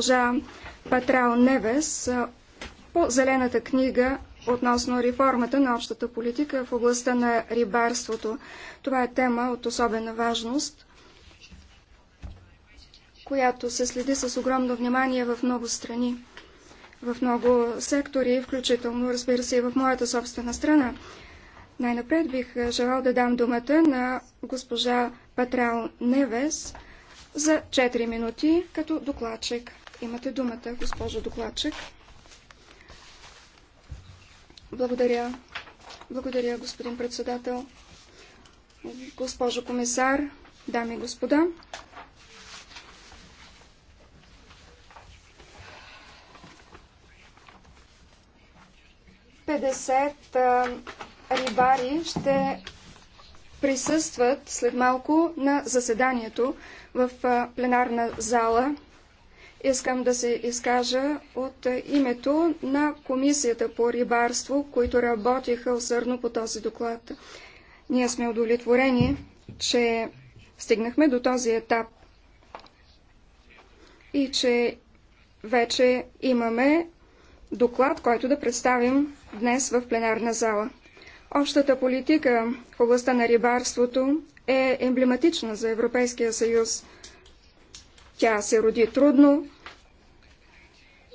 госпожа Патрал Невес по Зелената книга относно реформата на общата политика в областта на рибарството. Това е тема от особена важност, която се следи с огромно внимание в много страни, в много сектори, включително, разбира се, и в моята собствена страна. Най-напред бих желал да дам думата на госпожа Патрал Невес за 4 минути като докладчик. Имате думата, госпожо докладчик. Благодаря. Благодаря, господин председател. Госпожо комисар, дами и господа. Педесет рибари ще присъстват след малко на заседанието в пленарна зала Искам да се изкажа от името на Комисията по рибарство, които работиха усърдно по този доклад. Ние сме удовлетворени, че стигнахме до този етап и че вече имаме доклад, който да представим днес в пленарна зала. Общата политика в областта на рибарството е емблематична за Европейския съюз – тя се роди трудно,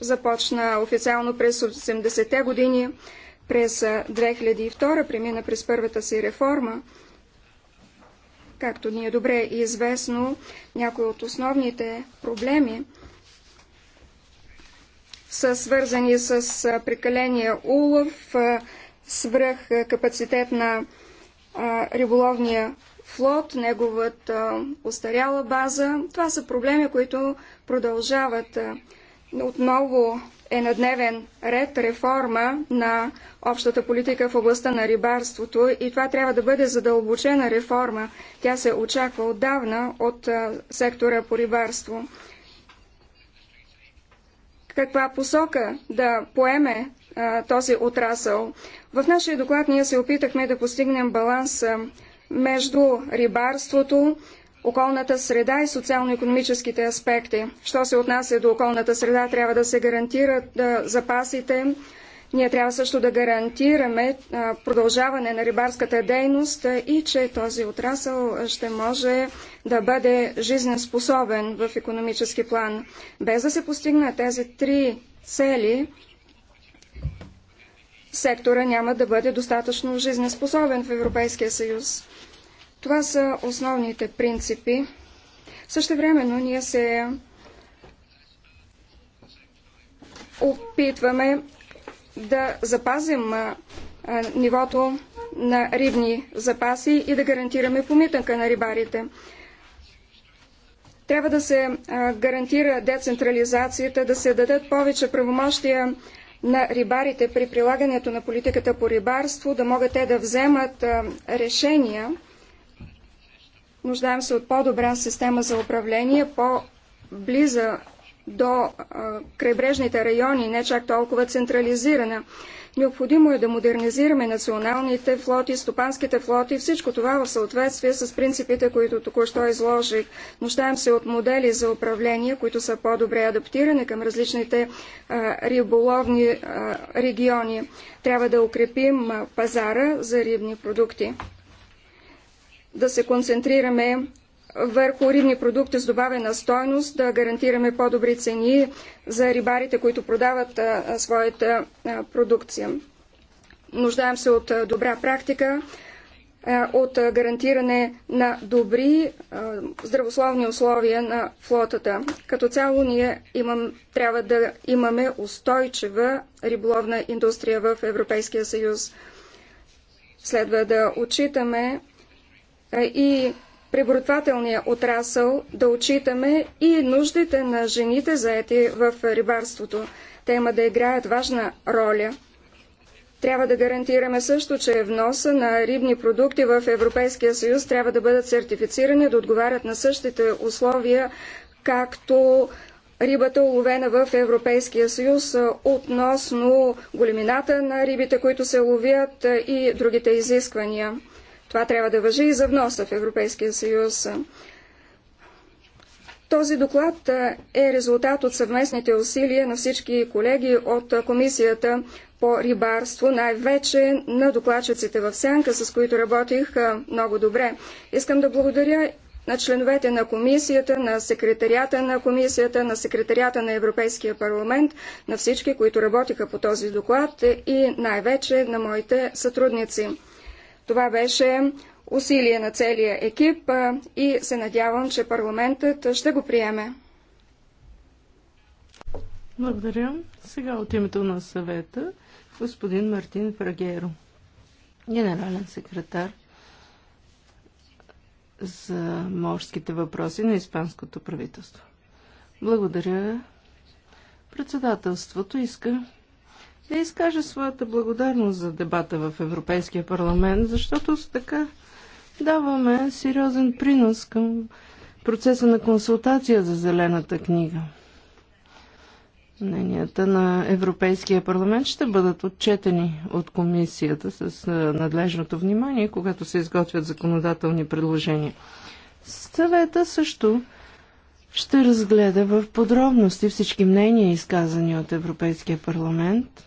започна официално през 80-те години, през 2002 премина през първата си реформа. Както ни е добре и известно, някои от основните проблеми са свързани с прекаления улов, свръх капацитет на риболовния флот, неговата устаряла база. Това са проблеми, които продължават. Отново е на дневен ред реформа на общата политика в областта на рибарството и това трябва да бъде задълбочена реформа. Тя се очаква отдавна от сектора по рибарство. Каква посока да поеме този отрасъл? В нашия доклад ние се опитахме да постигнем баланс между рибарството, околната среда и социално-економическите аспекти. Що се отнася до околната среда, трябва да се гарантират да, запасите. Ние трябва също да гарантираме продължаване на рибарската дейност и че този отрасъл ще може да бъде жизнеспособен в економически план. Без да се постигнат тези три цели, сектора няма да бъде достатъчно жизнеспособен в Европейския съюз. Това са основните принципи. Същевременно ние се опитваме да запазим нивото на рибни запаси и да гарантираме помитънка на рибарите. Трябва да се гарантира децентрализацията, да се дадат повече правомощия на рибарите при прилагането на политиката по рибарство, да могат те да вземат решения. Нуждаем се от по-добра система за управление, по-близа до крайбрежните райони, не чак толкова централизирана. Необходимо е да модернизираме националните флоти, стопанските флоти, всичко това в съответствие с принципите, които току-що изложих. Нуждаем се от модели за управление, които са по-добре адаптирани към различните а, риболовни а, региони. Трябва да укрепим пазара за рибни продукти. Да се концентрираме върху рибни продукти с добавена стойност, да гарантираме по-добри цени за рибарите, които продават своята продукция. Нуждаем се от добра практика, от гарантиране на добри здравословни условия на флотата. Като цяло ние имам, трябва да имаме устойчива риболовна индустрия в Европейския съюз. Следва да отчитаме и приборотвателния отрасъл да отчитаме и нуждите на жените заети в рибарството. Те има да играят важна роля. Трябва да гарантираме също, че вноса на рибни продукти в Европейския съюз трябва да бъдат сертифицирани, да отговарят на същите условия, както рибата уловена в Европейския съюз относно големината на рибите, които се ловят и другите изисквания. Това трябва да въжи и за вноса в Европейския съюз. Този доклад е резултат от съвместните усилия на всички колеги от Комисията по рибарство, най-вече на докладчиците в Сянка, с които работих много добре. Искам да благодаря на членовете на комисията, на секретарията на комисията, на секретарията на Европейския парламент, на всички, които работиха по този доклад и най-вече на моите сътрудници. Това беше усилие на целия екип и се надявам, че парламентът ще го приеме. Благодаря. Сега от името на съвета господин Мартин Фрагеро, генерален секретар за морските въпроси на Испанското правителство. Благодаря. Председателството иска да изкажа своята благодарност за дебата в Европейския парламент, защото с така даваме сериозен принос към процеса на консултация за Зелената книга. Мненията на Европейския парламент ще бъдат отчетени от комисията с надлежното внимание, когато се изготвят законодателни предложения. Съвета също ще разгледа в подробности всички мнения, изказани от Европейския парламент,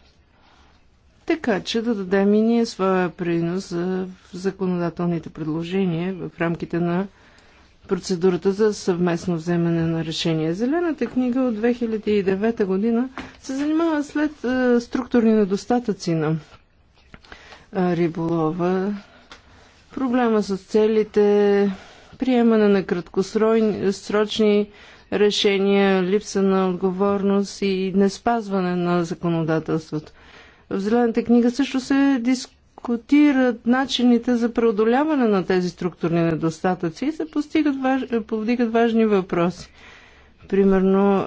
така че да дадем и ние своя принос за законодателните предложения в рамките на процедурата за съвместно вземане на решение. Зелената книга от 2009 година се занимава след структурни недостатъци на риболова, проблема с целите, приемане на краткосрочни решения, липса на отговорност и неспазване на законодателството. В Зелената книга също се дискутират начините за преодоляване на тези структурни недостатъци и се постигат, повдигат важни въпроси. Примерно е,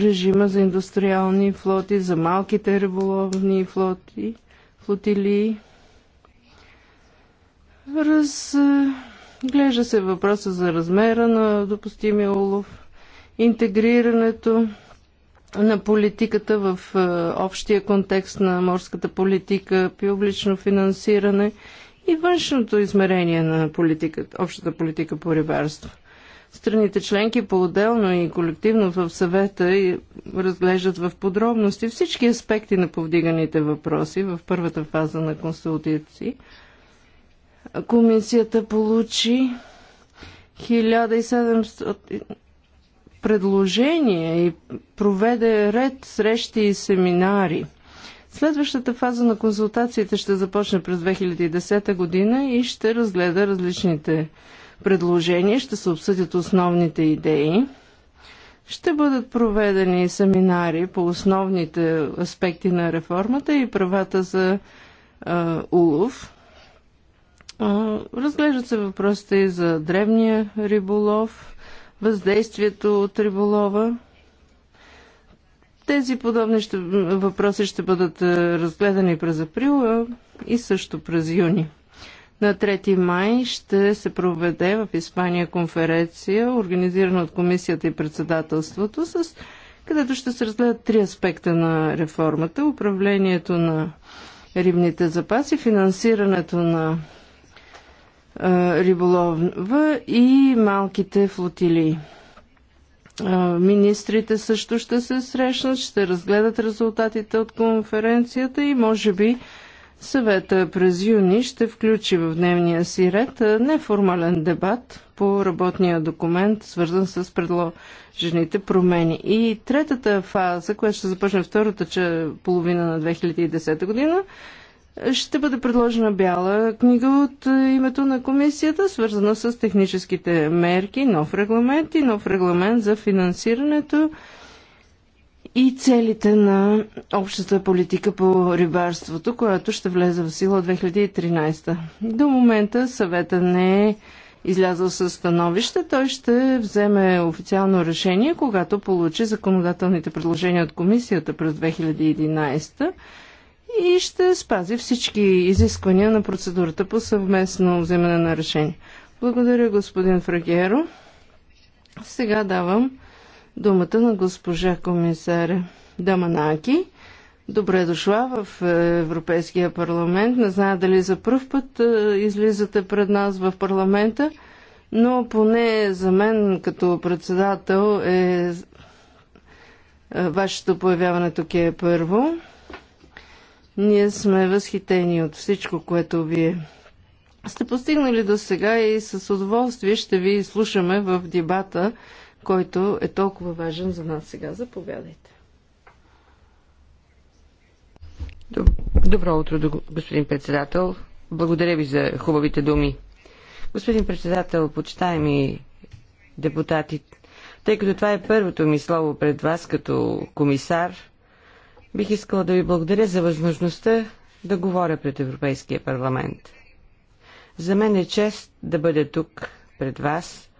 режима за индустриални флоти, за малките риболовни флоти, флотилии. Разглежда е, се въпроса за размера на допустимия улов, интегрирането на политиката в е, общия контекст на морската политика, публично финансиране и външното измерение на политиката, общата политика по рибарство. Страните членки по-отделно и колективно в съвета и разглеждат в подробности всички аспекти на повдиганите въпроси в първата фаза на консултации. Комисията получи 1700 предложения и проведе ред срещи и семинари. Следващата фаза на консултациите ще започне през 2010 година и ще разгледа различните предложения, ще се обсъдят основните идеи. Ще бъдат проведени семинари по основните аспекти на реформата и правата за а, улов. А, разглеждат се въпросите и за древния риболов, въздействието от риболова. Тези подобни ще, въпроси ще бъдат е, разгледани през април и също през юни. На 3 май ще се проведе в Испания конференция, организирана от комисията и председателството, с, където ще се разгледат три аспекта на реформата. Управлението на рибните запаси, финансирането на риболова и малките флотилии. Министрите също ще се срещнат, ще разгледат резултатите от конференцията и може би съвета през юни ще включи в дневния си ред неформален дебат по работния документ, свързан с предложените промени. И третата фаза, която ще започне втората че половина на 2010 година, ще бъде предложена бяла книга от е, името на комисията, свързана с техническите мерки, нов регламент и нов регламент за финансирането и целите на общата политика по рибарството, която ще влезе в сила от 2013. До момента съвета не е излязъл със становище. Той ще вземе официално решение, когато получи законодателните предложения от комисията през 2011 и ще спази всички изисквания на процедурата по съвместно вземане на решение. Благодаря, господин Фрагеро. Сега давам думата на госпожа комисаря Даманаки. Добре дошла в Европейския парламент. Не знае дали за първ път излизате пред нас в парламента, но поне за мен като председател е вашето появяване тук е първо. Ние сме възхитени от всичко, което вие сте постигнали до сега и с удоволствие ще ви слушаме в дебата, който е толкова важен за нас сега. Заповядайте. Добро утро, господин председател. Благодаря ви за хубавите думи. Господин председател, почитаеми депутати, тъй като това е първото ми слово пред вас като комисар – Бих искала да ви благодаря за възможността да говоря пред Европейския парламент. За мен е чест да бъда тук пред вас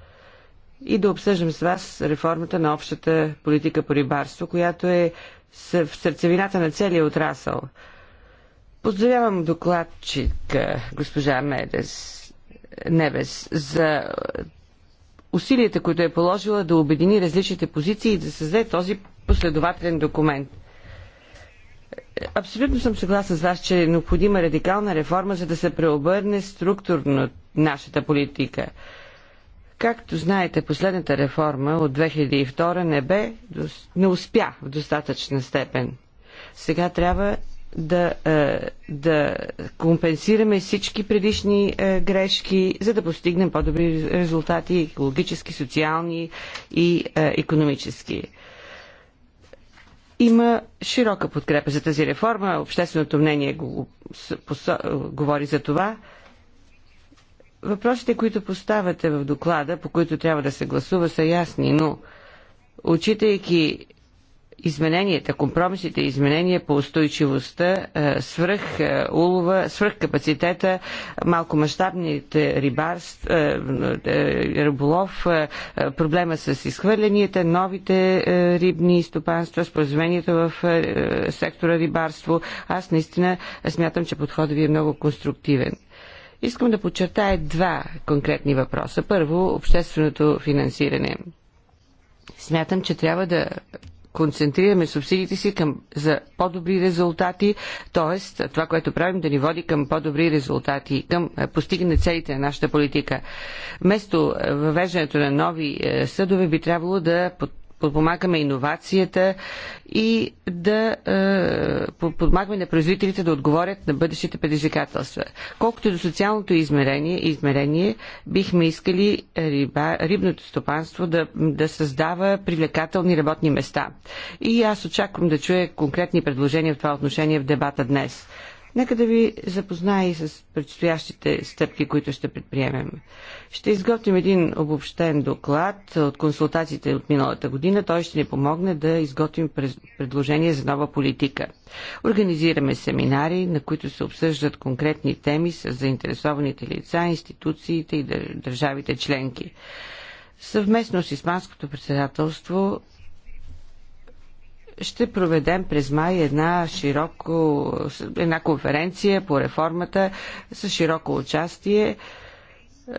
и да обсъждам с вас реформата на общата политика по рибарство, която е в сърцевината на целия отрасъл. Поздравявам докладчика госпожа Медес, Небес за усилията, които е положила да обедини различните позиции и да създаде този последователен документ. Абсолютно съм съгласна с вас, че е необходима радикална реформа, за да се преобърне структурно нашата политика. Както знаете, последната реформа от 2002 не бе, не успя в достатъчна степен. Сега трябва да, е, да компенсираме всички предишни е, грешки, за да постигнем по-добри резултати екологически, социални и е, економически. Има широка подкрепа за тази реформа. Общественото мнение го, говори за това. Въпросите, които поставяте в доклада, по които трябва да се гласува, са ясни, но отчитайки измененията, компромисите изменения по устойчивостта, е, свръх е, улова, свръх капацитета, малкомащабните рибарств, е, риболов, проблема с изхвърленията, новите рибни стопанства, споразумението в сектора рибарство. Аз наистина смятам, че подходът ви е много конструктивен. Искам да подчертая два конкретни въпроса. Първо, общественото финансиране. Смятам, че трябва да концентрираме субсидиите си към, за по-добри резултати, т.е. това, което правим, да ни води към по-добри резултати, към е, постигане целите на нашата политика. Вместо е, въвеждането на нови е, съдове би трябвало да под подпомагаме иновацията и да е, подпомагаме на производителите да отговорят на бъдещите предизвикателства. Колкото до социалното измерение, измерение бихме искали риба, рибното стопанство да, да създава привлекателни работни места. И аз очаквам да чуя конкретни предложения в това отношение в дебата днес. Нека да ви запозная и с предстоящите стъпки, които ще предприемем. Ще изготвим един обобщен доклад от консултациите от миналата година. Той ще ни помогне да изготвим предложение за нова политика. Организираме семинари, на които се обсъждат конкретни теми с заинтересованите лица, институциите и държавите членки. Съвместно с Испанското председателство ще проведем през май една широко, една конференция по реформата с широко участие.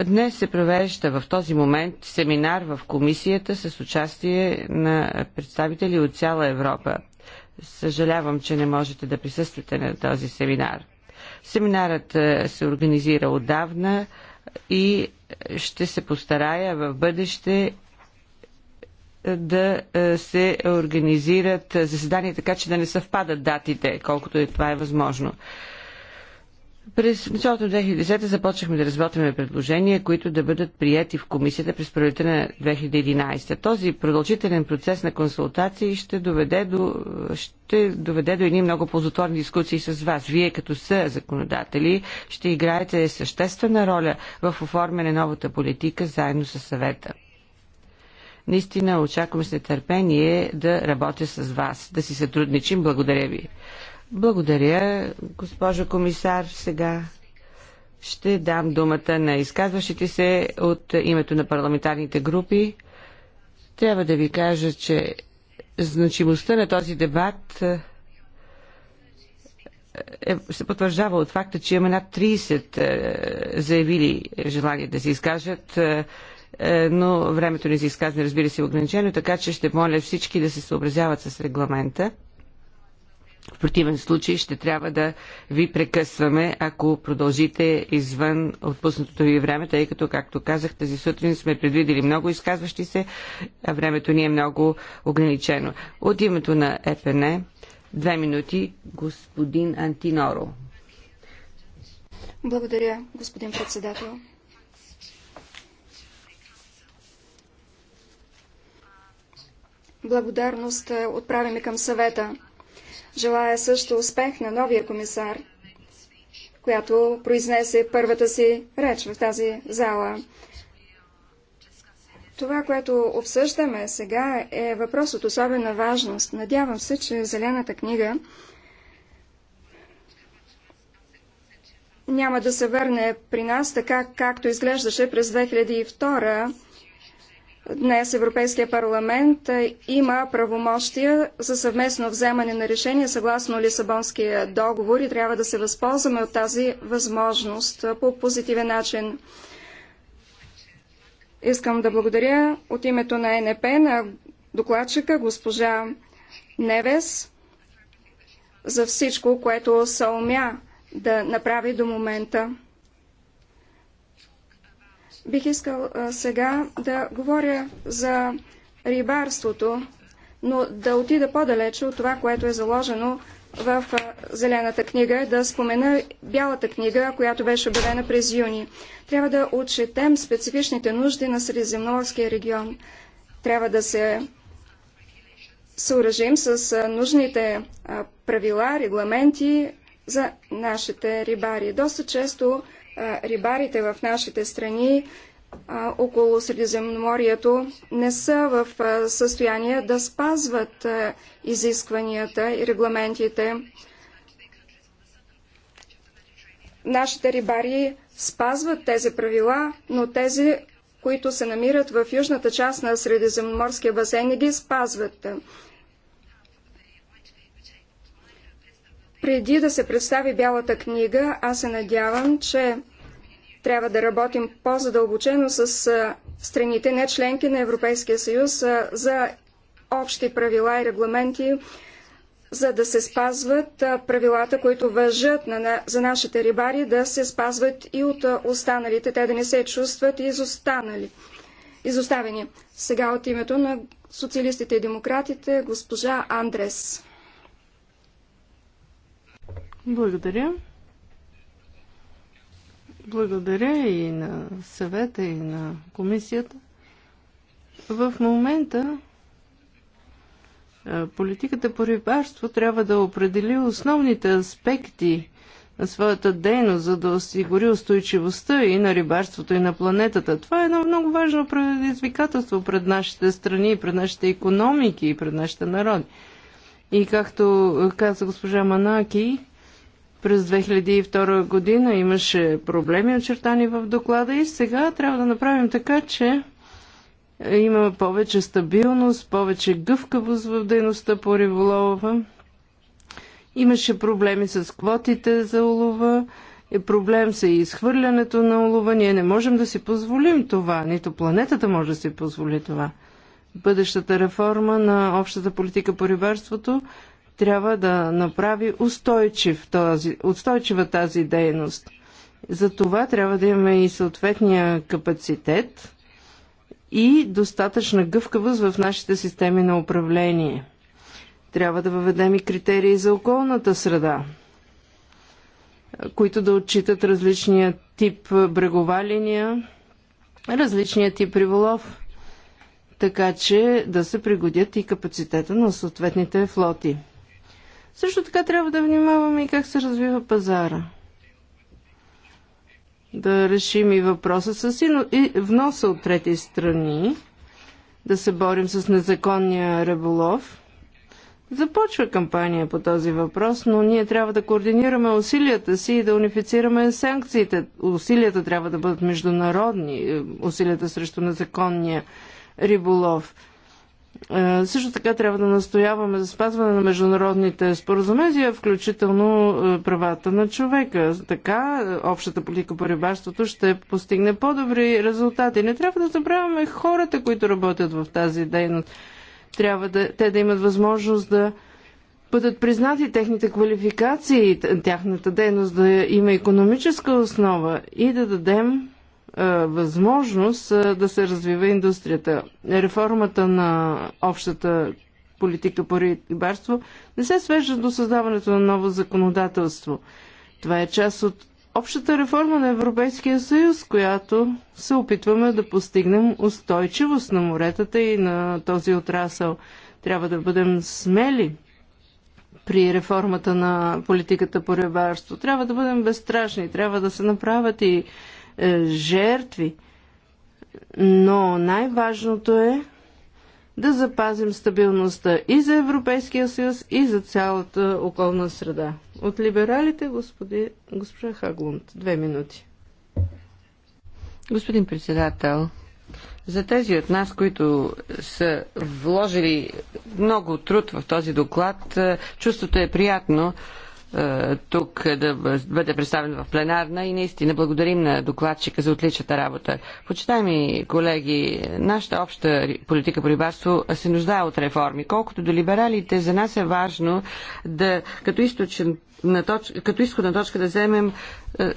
Днес се провежда в този момент семинар в комисията с участие на представители от цяла Европа. Съжалявам, че не можете да присъствате на този семинар. Семинарът е, се организира отдавна и ще се постарая в бъдеще да е, се организират заседания така, че да не съвпадат датите, колкото и това е възможно. През началото на 2010 започнахме да разработваме предложения, които да бъдат прияти в комисията през пролета на 2011. Този продължителен процес на консултации ще доведе до, ще доведе до едни много ползотворни дискусии с вас. Вие като са законодатели ще играете съществена роля в оформяне новата политика заедно с съвета. Наистина очаквам с нетърпение да работя с вас, да си сътрудничим. Благодаря ви. Благодаря, госпожо комисар. Сега ще дам думата на изказващите се от името на парламентарните групи. Трябва да ви кажа, че значимостта на този дебат е, е се потвърждава от факта, че имаме над 30 е, заявили желание да се изкажат. Е, е, но времето ни за изказване, разбира се, е ограничено, така че ще моля всички да се съобразяват с регламента. В противен случай ще трябва да ви прекъсваме, ако продължите извън отпуснатото ви време, тъй като, както казах, тази сутрин сме предвидели много изказващи се, а времето ни е много ограничено. От името на ЕПН, две минути, господин Антиноро. Благодаря, господин председател. благодарност е, отправяме към съвета. Желая също успех на новия комисар, която произнесе първата си реч в тази зала. Това, което обсъждаме сега, е въпрос от особена важност. Надявам се, че Зелената книга няма да се върне при нас така, както изглеждаше през 2002 Днес Европейския парламент е, има правомощия за съвместно вземане на решения съгласно Лисабонския договор и трябва да се възползваме от тази възможност е, по позитивен начин. Искам да благодаря от името на НП на докладчика госпожа Невес за всичко, което съумя да направи до момента. Бих искал сега да говоря за рибарството, но да отида по-далече от това, което е заложено в Зелената книга, да спомена Бялата книга, която беше обявена през юни. Трябва да отчетем специфичните нужди на Средиземноморския регион. Трябва да се съоръжим с нужните правила, регламенти за нашите рибари. Доста често рибарите в нашите страни около Средиземноморието не са в състояние да спазват изискванията и регламентите. Нашите рибари спазват тези правила, но тези, които се намират в южната част на Средиземноморския басейн, не ги спазват. Преди да се представи Бялата книга, аз се надявам, че трябва да работим по-задълбочено с страните, не членки на Европейския съюз, за общи правила и регламенти, за да се спазват правилата, които въжат на, за нашите рибари, да се спазват и от останалите, те да не се чувстват изостанали, изоставени. Сега от името на социалистите и демократите, госпожа Андрес. Благодаря. Благодаря и на съвета, и на комисията. В момента политиката по рибарство трябва да определи основните аспекти на своята дейност, за да осигури устойчивостта и на рибарството, и на планетата. Това е едно много важно предизвикателство пред нашите страни, пред нашите економики и пред нашите народи. И както каза госпожа Манаки, през 2002 година имаше проблеми очертани в доклада и сега трябва да направим така, че има повече стабилност, повече гъвкавост в дейността по риболова. Имаше проблеми с квотите за улова. Е проблем са и изхвърлянето на улова. Ние не можем да си позволим това. Нито планетата може да си позволи това. Бъдещата реформа на общата политика по рибарството трябва да направи устойчив този, устойчива тази дейност. За това трябва да имаме и съответния капацитет и достатъчна гъвкавост в нашите системи на управление. Трябва да въведем и критерии за околната среда, които да отчитат различния тип брегова линия, различния тип риволов, така че да се пригодят и капацитета на съответните флоти. Също така трябва да внимаваме и как се развива пазара. Да решим и въпроса с и вноса от трети страни, да се борим с незаконния риболов. Започва кампания по този въпрос, но ние трябва да координираме усилията си и да унифицираме санкциите. Усилията трябва да бъдат международни, е, усилията срещу незаконния риболов. Е, също така трябва да настояваме за спазване на международните споразумения, включително е, правата на човека. Така е, общата политика по рибарството ще постигне по-добри резултати. Не трябва да забравяме хората, които работят в тази дейност. Трябва да, те да имат възможност да бъдат признати техните квалификации, тяхната дейност да има економическа основа и да дадем е, възможност е, да се развива индустрията. Реформата на общата политика по рибарство не се свежда до създаването на ново законодателство. Това е част от общата реформа на Европейския съюз, която се опитваме да постигнем устойчивост на моретата и на този отрасъл. Трябва да бъдем смели при реформата на политиката по рибарство. Трябва да бъдем безстрашни, трябва да се направят и е, жертви. Но най-важното е да запазим стабилността и за Европейския съюз, и за цялата околна среда. От либералите, господи, госпожа Хаглунд, две минути. Господин председател, за тези от нас, които са вложили много труд в този доклад, е, чувството е приятно, е, тук да бъде представен в пленарна и наистина благодарим на докладчика за отличната работа. Почитаеми колеги, нашата обща политика по рибарство се нуждае от реформи. Колкото до либералите, за нас е важно да като източен на точ... като изходна точка да вземем е,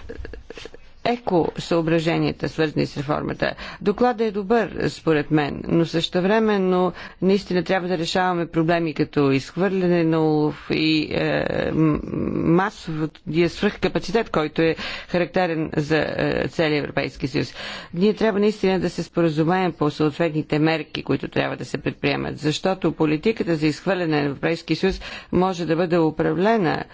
еко-съображенията, свързани с реформата. Докладът е добър, според мен, но също но наистина трябва да решаваме проблеми като изхвърляне на улов и е, масовия свръхкапацитет, който е характерен за е, целия Европейски съюз. Ние трябва наистина да се споразумеем по съответните мерки, които трябва да се предприемат, защото политиката за изхвърляне на Европейски съюз може да бъде управлена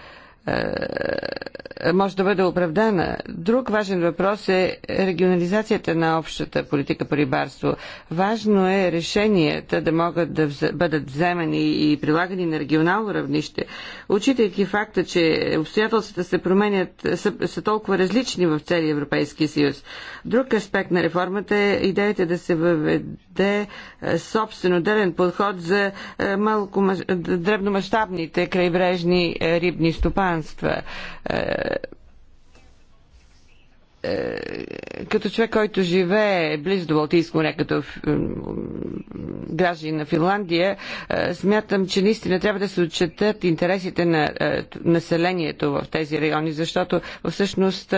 е, може да бъде оправдана. Друг важен въпрос е регионализацията на общата политика по рибарство. Важно е решенията да могат да бъдат вземани и прилагани на регионално равнище, учитайки факта, че обстоятелствата се променят, са, са толкова различни в целия Европейски съюз. Друг аспект на реформата е идеята да се въведе е, собствено дърен подход за е, малко дребномащабните крайбрежни рибни стопани пространства е, е, като човек, който живее близо до Балтийско море, като граждани на Финландия, е, смятам, че наистина трябва да се отчетат интересите на населението в тези райони, защото всъщност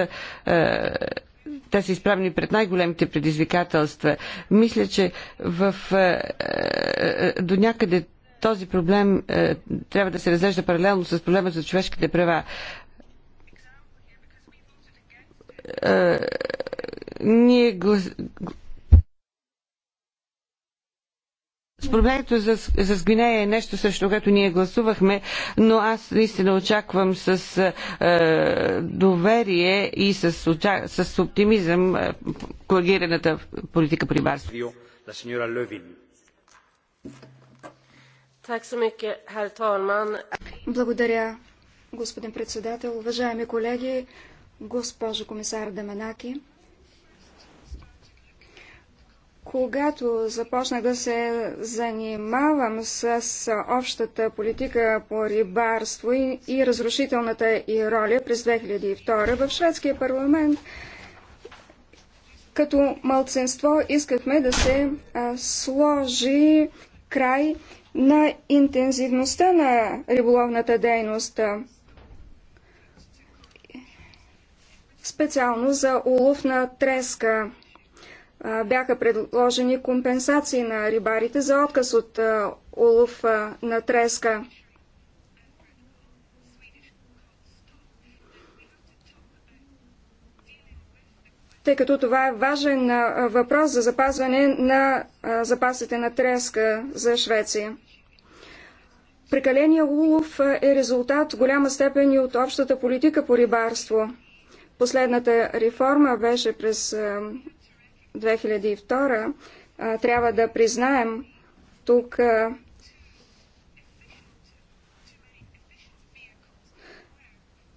те са изправени пред най-големите предизвикателства. Мисля, че в, до някъде този проблем е, трябва да се разглежда паралелно с проблема за човешките права. Е, ние го... С проблемето за, за Гвинея е нещо, срещу което ние гласувахме, но аз наистина очаквам с е, доверие и с, оча... с оптимизъм е, коагираната политика при Барс. Благодаря, господин председател. Уважаеми колеги, госпожо комисар Даменаки, когато започнах да се занимавам с общата политика по рибарство и, и разрушителната и роля през 2002 в шведския парламент, като мълценство искахме да се а, сложи край на интензивността на риболовната дейност, специално за улов на треска. Бяха предложени компенсации на рибарите за отказ от улов на треска. тъй като това е важен въпрос за запазване на запасите на треска за Швеция. Прекаления улов е резултат в голяма степен и от общата политика по рибарство. Последната реформа беше през 2002. Трябва да признаем тук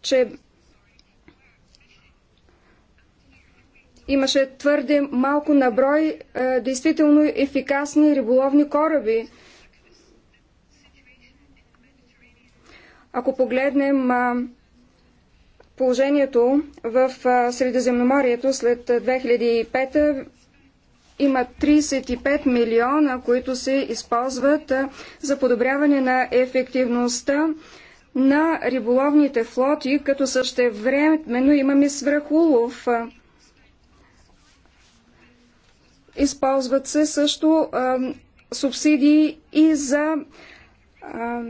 че Имаше твърде малко наброй е, действително ефикасни риболовни кораби. Ако погледнем положението в Средиземноморието след 2005 има 35 милиона, които се използват за подобряване на ефективността на риболовните флоти, като същевременно имаме свръхулов. Използват се също а, субсидии и за а,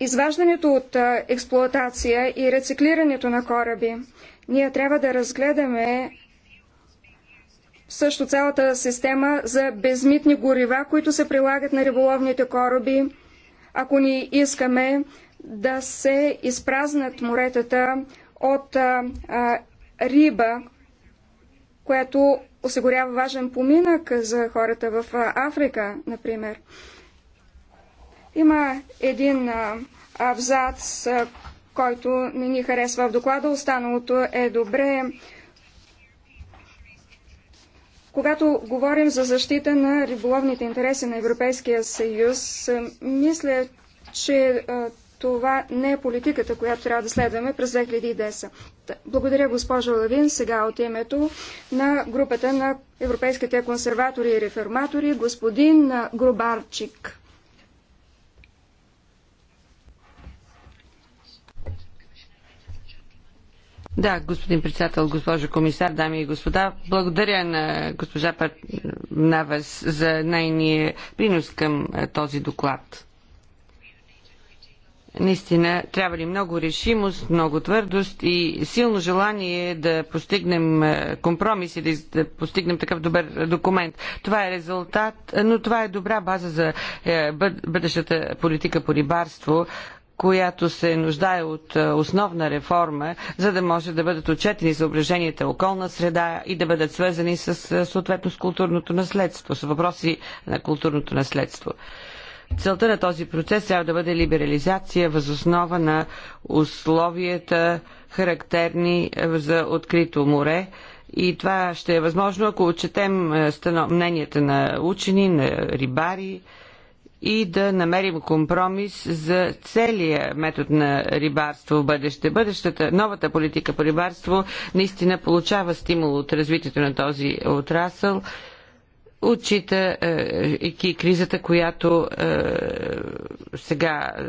изваждането от експлоатация и рециклирането на кораби. Ние трябва да разгледаме също цялата система за безмитни горива, които се прилагат на риболовните кораби, ако ни искаме да се изпразнат моретата от а, а, риба, която осигурява важен поминък за хората в Африка, например. Има един абзац, който не ни харесва в доклада, останалото е добре. Когато говорим за защита на риболовните интереси на Европейския съюз, мисля, че това не е политиката, която трябва да следваме през 2010. Благодаря, госпожо Лавин. Сега от името на групата на европейските консерватори и реформатори, господин Грубарчик. Да, господин председател, госпожо комисар, дами и господа, благодаря на госпожа Навес за нейния принос към този доклад. Наистина, трябва ли много решимост, много твърдост и силно желание е да постигнем е, компромис и да постигнем такъв добър документ. Това е резултат, но това е добра база за е, бъдещата политика по рибарство, която се нуждае от основна реформа, за да може да бъдат отчетени съображенията околна среда и да бъдат свързани с съответно с културното наследство, с въпроси на културното наследство. Целта на този процес трябва да бъде либерализация възоснова на условията характерни за открито море. И това ще е възможно, ако отчетем е, мненията на учени, на рибари, и да намерим компромис за целия метод на рибарство в бъдеще. Бъдещата, новата политика по рибарство наистина получава стимул от развитието на този отрасъл отчита е, и кризата, която е, сега е,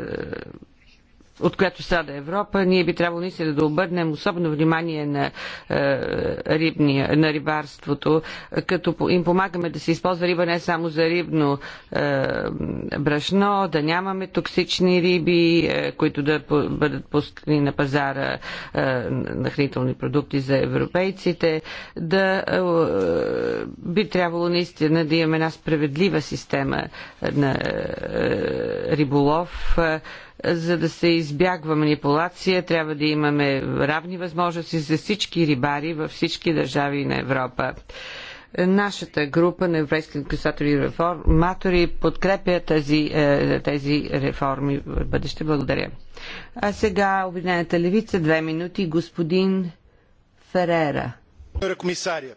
от която страда Европа, ние би трябвало наистина да обърнем особено внимание на, е, рибния, на рибарството, като им помагаме да се използва риба не само за рибно е, брашно, да нямаме токсични риби, е, които да бъдат пускани на пазара е, на хранителни продукти за европейците, да е, би трябвало наистина да имаме една справедлива система на е, риболов. Е, за да се избягва манипулация, трябва да имаме равни възможности за всички рибари във всички държави на Европа. Нашата група на европейски писатели и реформатори подкрепя тези, е, тези реформи в бъдеще. Благодаря. А сега Обединената левица, две минути, господин Ферера. Комисария,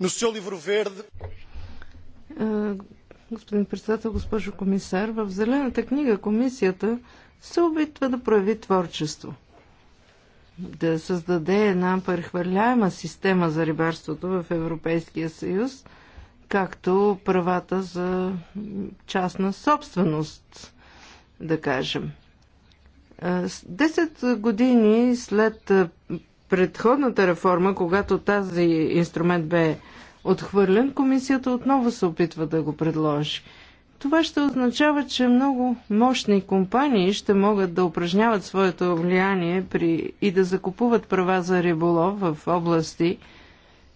но Верде господин председател, госпожо комисар. В Зелената книга комисията се опитва да прояви творчество. Да създаде една прехвърляема система за рибарството в Европейския съюз, както правата за частна собственост, да кажем. Десет години след предходната реформа, когато тази инструмент бе отхвърлен, комисията отново се опитва да го предложи. Това ще означава, че много мощни компании ще могат да упражняват своето влияние при... и да закупуват права за риболов в области,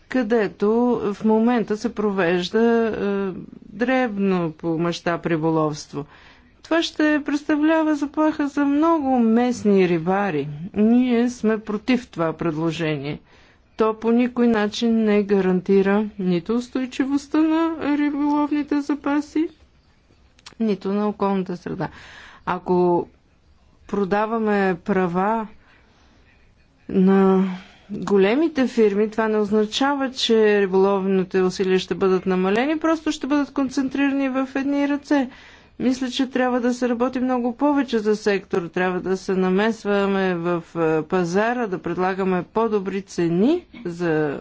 където в момента се провежда е, дребно по мащаб риболовство. Това ще представлява заплаха за много местни рибари. Ние сме против това предложение – то по никой начин не гарантира нито устойчивостта на риболовните запаси, нито на околната среда. Ако продаваме права на големите фирми, това не означава, че риболовните усилия ще бъдат намалени, просто ще бъдат концентрирани в едни ръце. Мисля, че трябва да се работи много повече за сектор. Трябва да се намесваме в е, пазара, да предлагаме по-добри цени за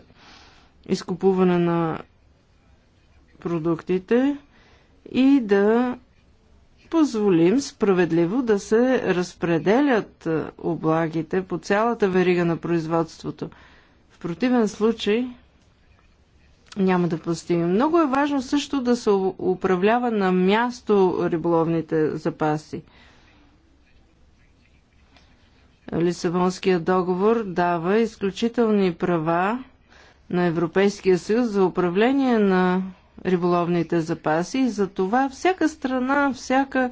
изкупуване на продуктите и да позволим справедливо да се разпределят е, облагите по цялата верига на производството. В противен случай няма да постигнем. Много е важно също да се управлява на място риболовните запаси. Лисабонският договор дава изключителни права на Европейския съюз за управление на риболовните запаси и за това всяка страна, всяка,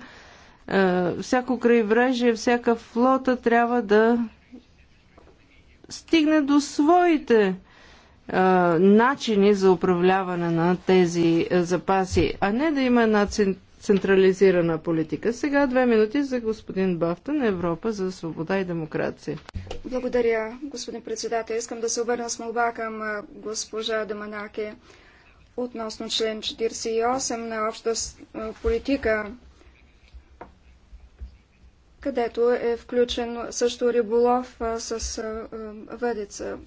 е, всяко крайбрежие, всяка флота трябва да стигне до своите начини за управляване на тези е, запаси, а не да има една централизирана политика. Сега две минути за господин Бафта на Европа за свобода и демокрация. Благодаря, господин председател. Искам да се обърна с молба към госпожа Даманаке относно член 48 на обща политика, където е включен също риболов с въдица.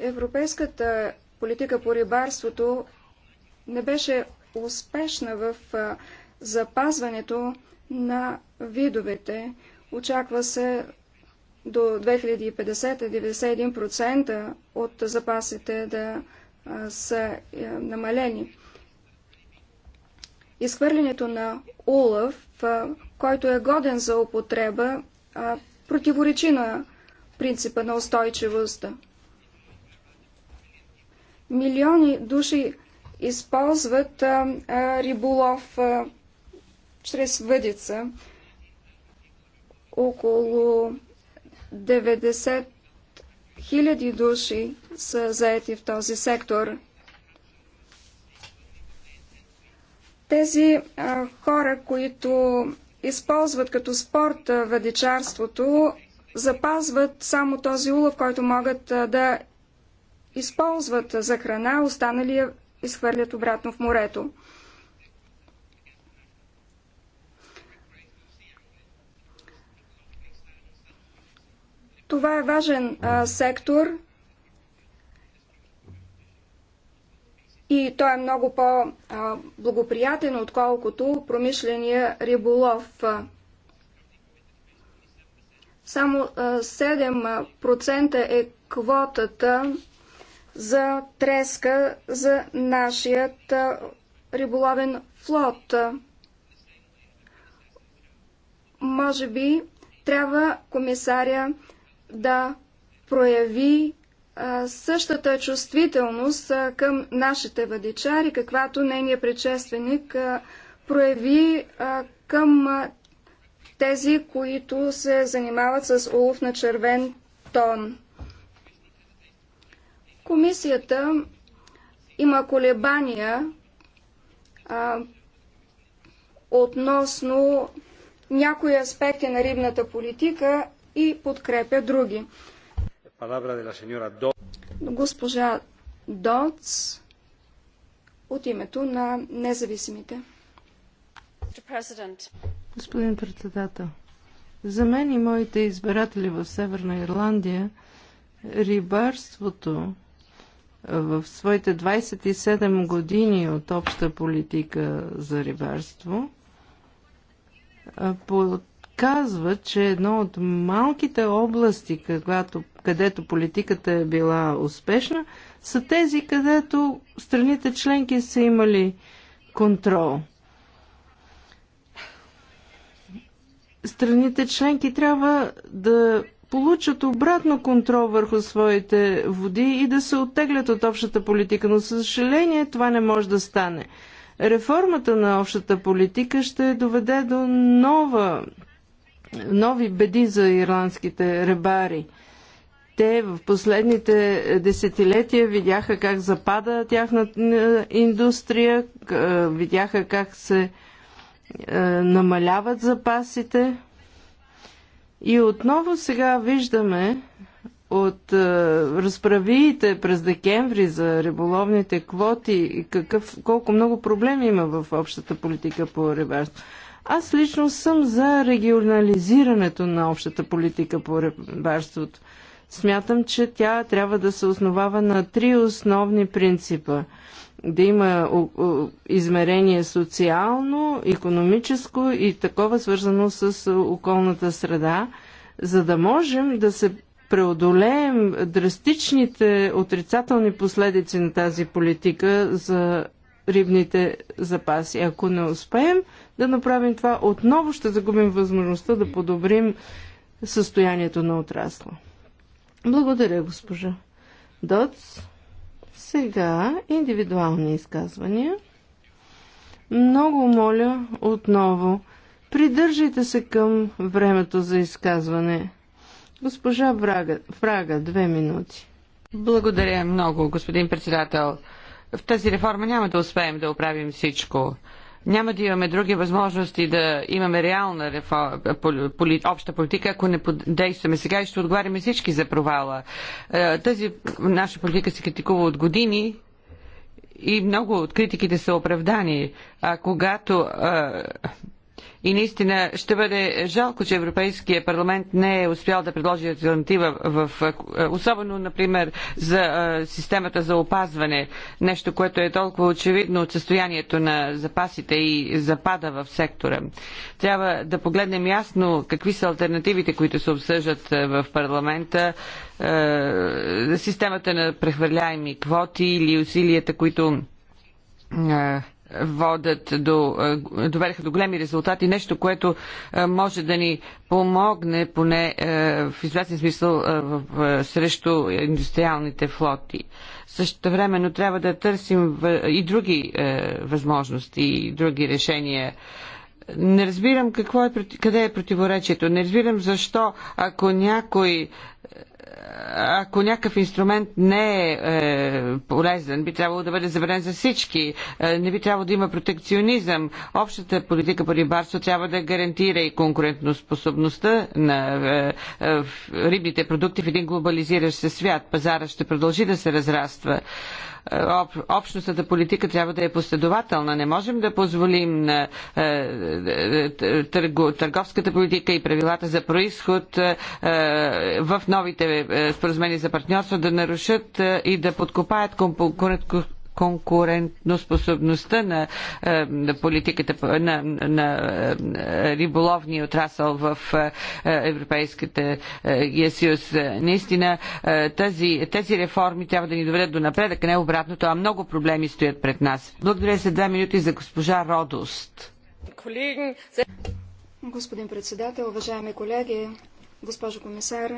Европейската политика по рибарството не беше успешна в запазването на видовете. Очаква се до 2050-91% от запасите да са е, намалени. Изхвърлянето на улъв, който е годен за употреба, противоречи на принципа на устойчивостта. Милиони души използват а, а, риболов а, чрез въдица. Около 90 хиляди души са заети в този сектор. Тези а, хора, които използват като спорт въдичарството, запазват само този улов, който могат а, да използват за храна, останали я изхвърлят обратно в морето. Това е важен а, сектор и той е много по-благоприятен, отколкото промишления риболов. Само 7% е квотата за треска за нашият риболовен флот. Може би трябва комисаря да прояви същата чувствителност към нашите въдичари, каквато нейният предшественик прояви към тези, които се занимават с улов на червен тон. Комисията има колебания а, относно някои аспекти на рибната политика и подкрепя други. Госпожа Доц от името на независимите. Господин председател, за мен и моите избиратели в Северна Ирландия рибарството в своите 27 години от обща политика за рибарство показва, че едно от малките области, когато, където политиката е била успешна, са тези, където страните членки са имали контрол. Страните членки трябва да получат обратно контрол върху своите води и да се оттеглят от общата политика. Но, съжаление, това не може да стане. Реформата на общата политика ще доведе до нова, нови беди за ирландските ребари. Те в последните десетилетия видяха как запада тяхната е, индустрия, е, видяха как се е, намаляват запасите. И отново сега виждаме от е, разправиите през декември за риболовните квоти и какъв, колко много проблеми има в общата политика по рибарство. Аз лично съм за регионализирането на общата политика по рибарството. Смятам, че тя трябва да се основава на три основни принципа. Да има измерение социално, економическо и такова свързано с е, околната среда, за да можем да се преодолеем драстичните отрицателни последици на тази политика за рибните запаси. Ако не успеем да направим това, отново ще загубим възможността да подобрим състоянието на отрасла. Благодаря, госпожа Доц. Сега индивидуални изказвания. Много моля отново, придържайте се към времето за изказване. Госпожа Брага, Фрага, две минути. Благодаря много, господин председател. В тази реформа няма да успеем да оправим всичко няма да имаме други възможности да имаме реална поли, обща политика, ако не действаме сега и ще отговаряме всички за провала. Е, тази наша политика се критикува от години и много от критиките са оправдани. А когато е, и наистина ще бъде жалко, че Европейския парламент не е успял да предложи альтернатива в, е, особено, например, за е, системата за опазване, нещо, което е толкова очевидно от състоянието на запасите и запада в сектора. Трябва да погледнем ясно какви са альтернативите, които се обсъждат е, в парламента, системата на прехвърляеми квоти или усилията, които водят до, е, доведаха до големи резултати, нещо, което е, може да ни помогне поне е, в известен смисъл срещу индустриалните флоти. Също времено трябва да търсим и други възможности и други решения не разбирам какво е, къде е противоречието. Не разбирам защо, ако някой ако някакъв инструмент не е, е полезен, би трябвало да бъде забранен за всички. Е, не би трябвало да има протекционизъм. Общата политика по рибарство трябва да гарантира и конкурентоспособността на е, е, рибните продукти в един глобализиращ се свят. Пазара ще продължи да се разраства е, общностната политика трябва да е последователна. Не можем да позволим на е, е, търговската политика и правилата за происход в новите е, споразумение за партньорство да нарушат е, и да подкопаят конкурентоспособността на, е, на политиката на, на риболовния отрасъл в Европейската ЕСИОС. Наистина тази, тези реформи трябва да ни доведат до напредък, не обратното, а много проблеми стоят пред нас. Благодаря се две минути за госпожа Родост. Господин председател, уважаеми колеги, госпожо комисар,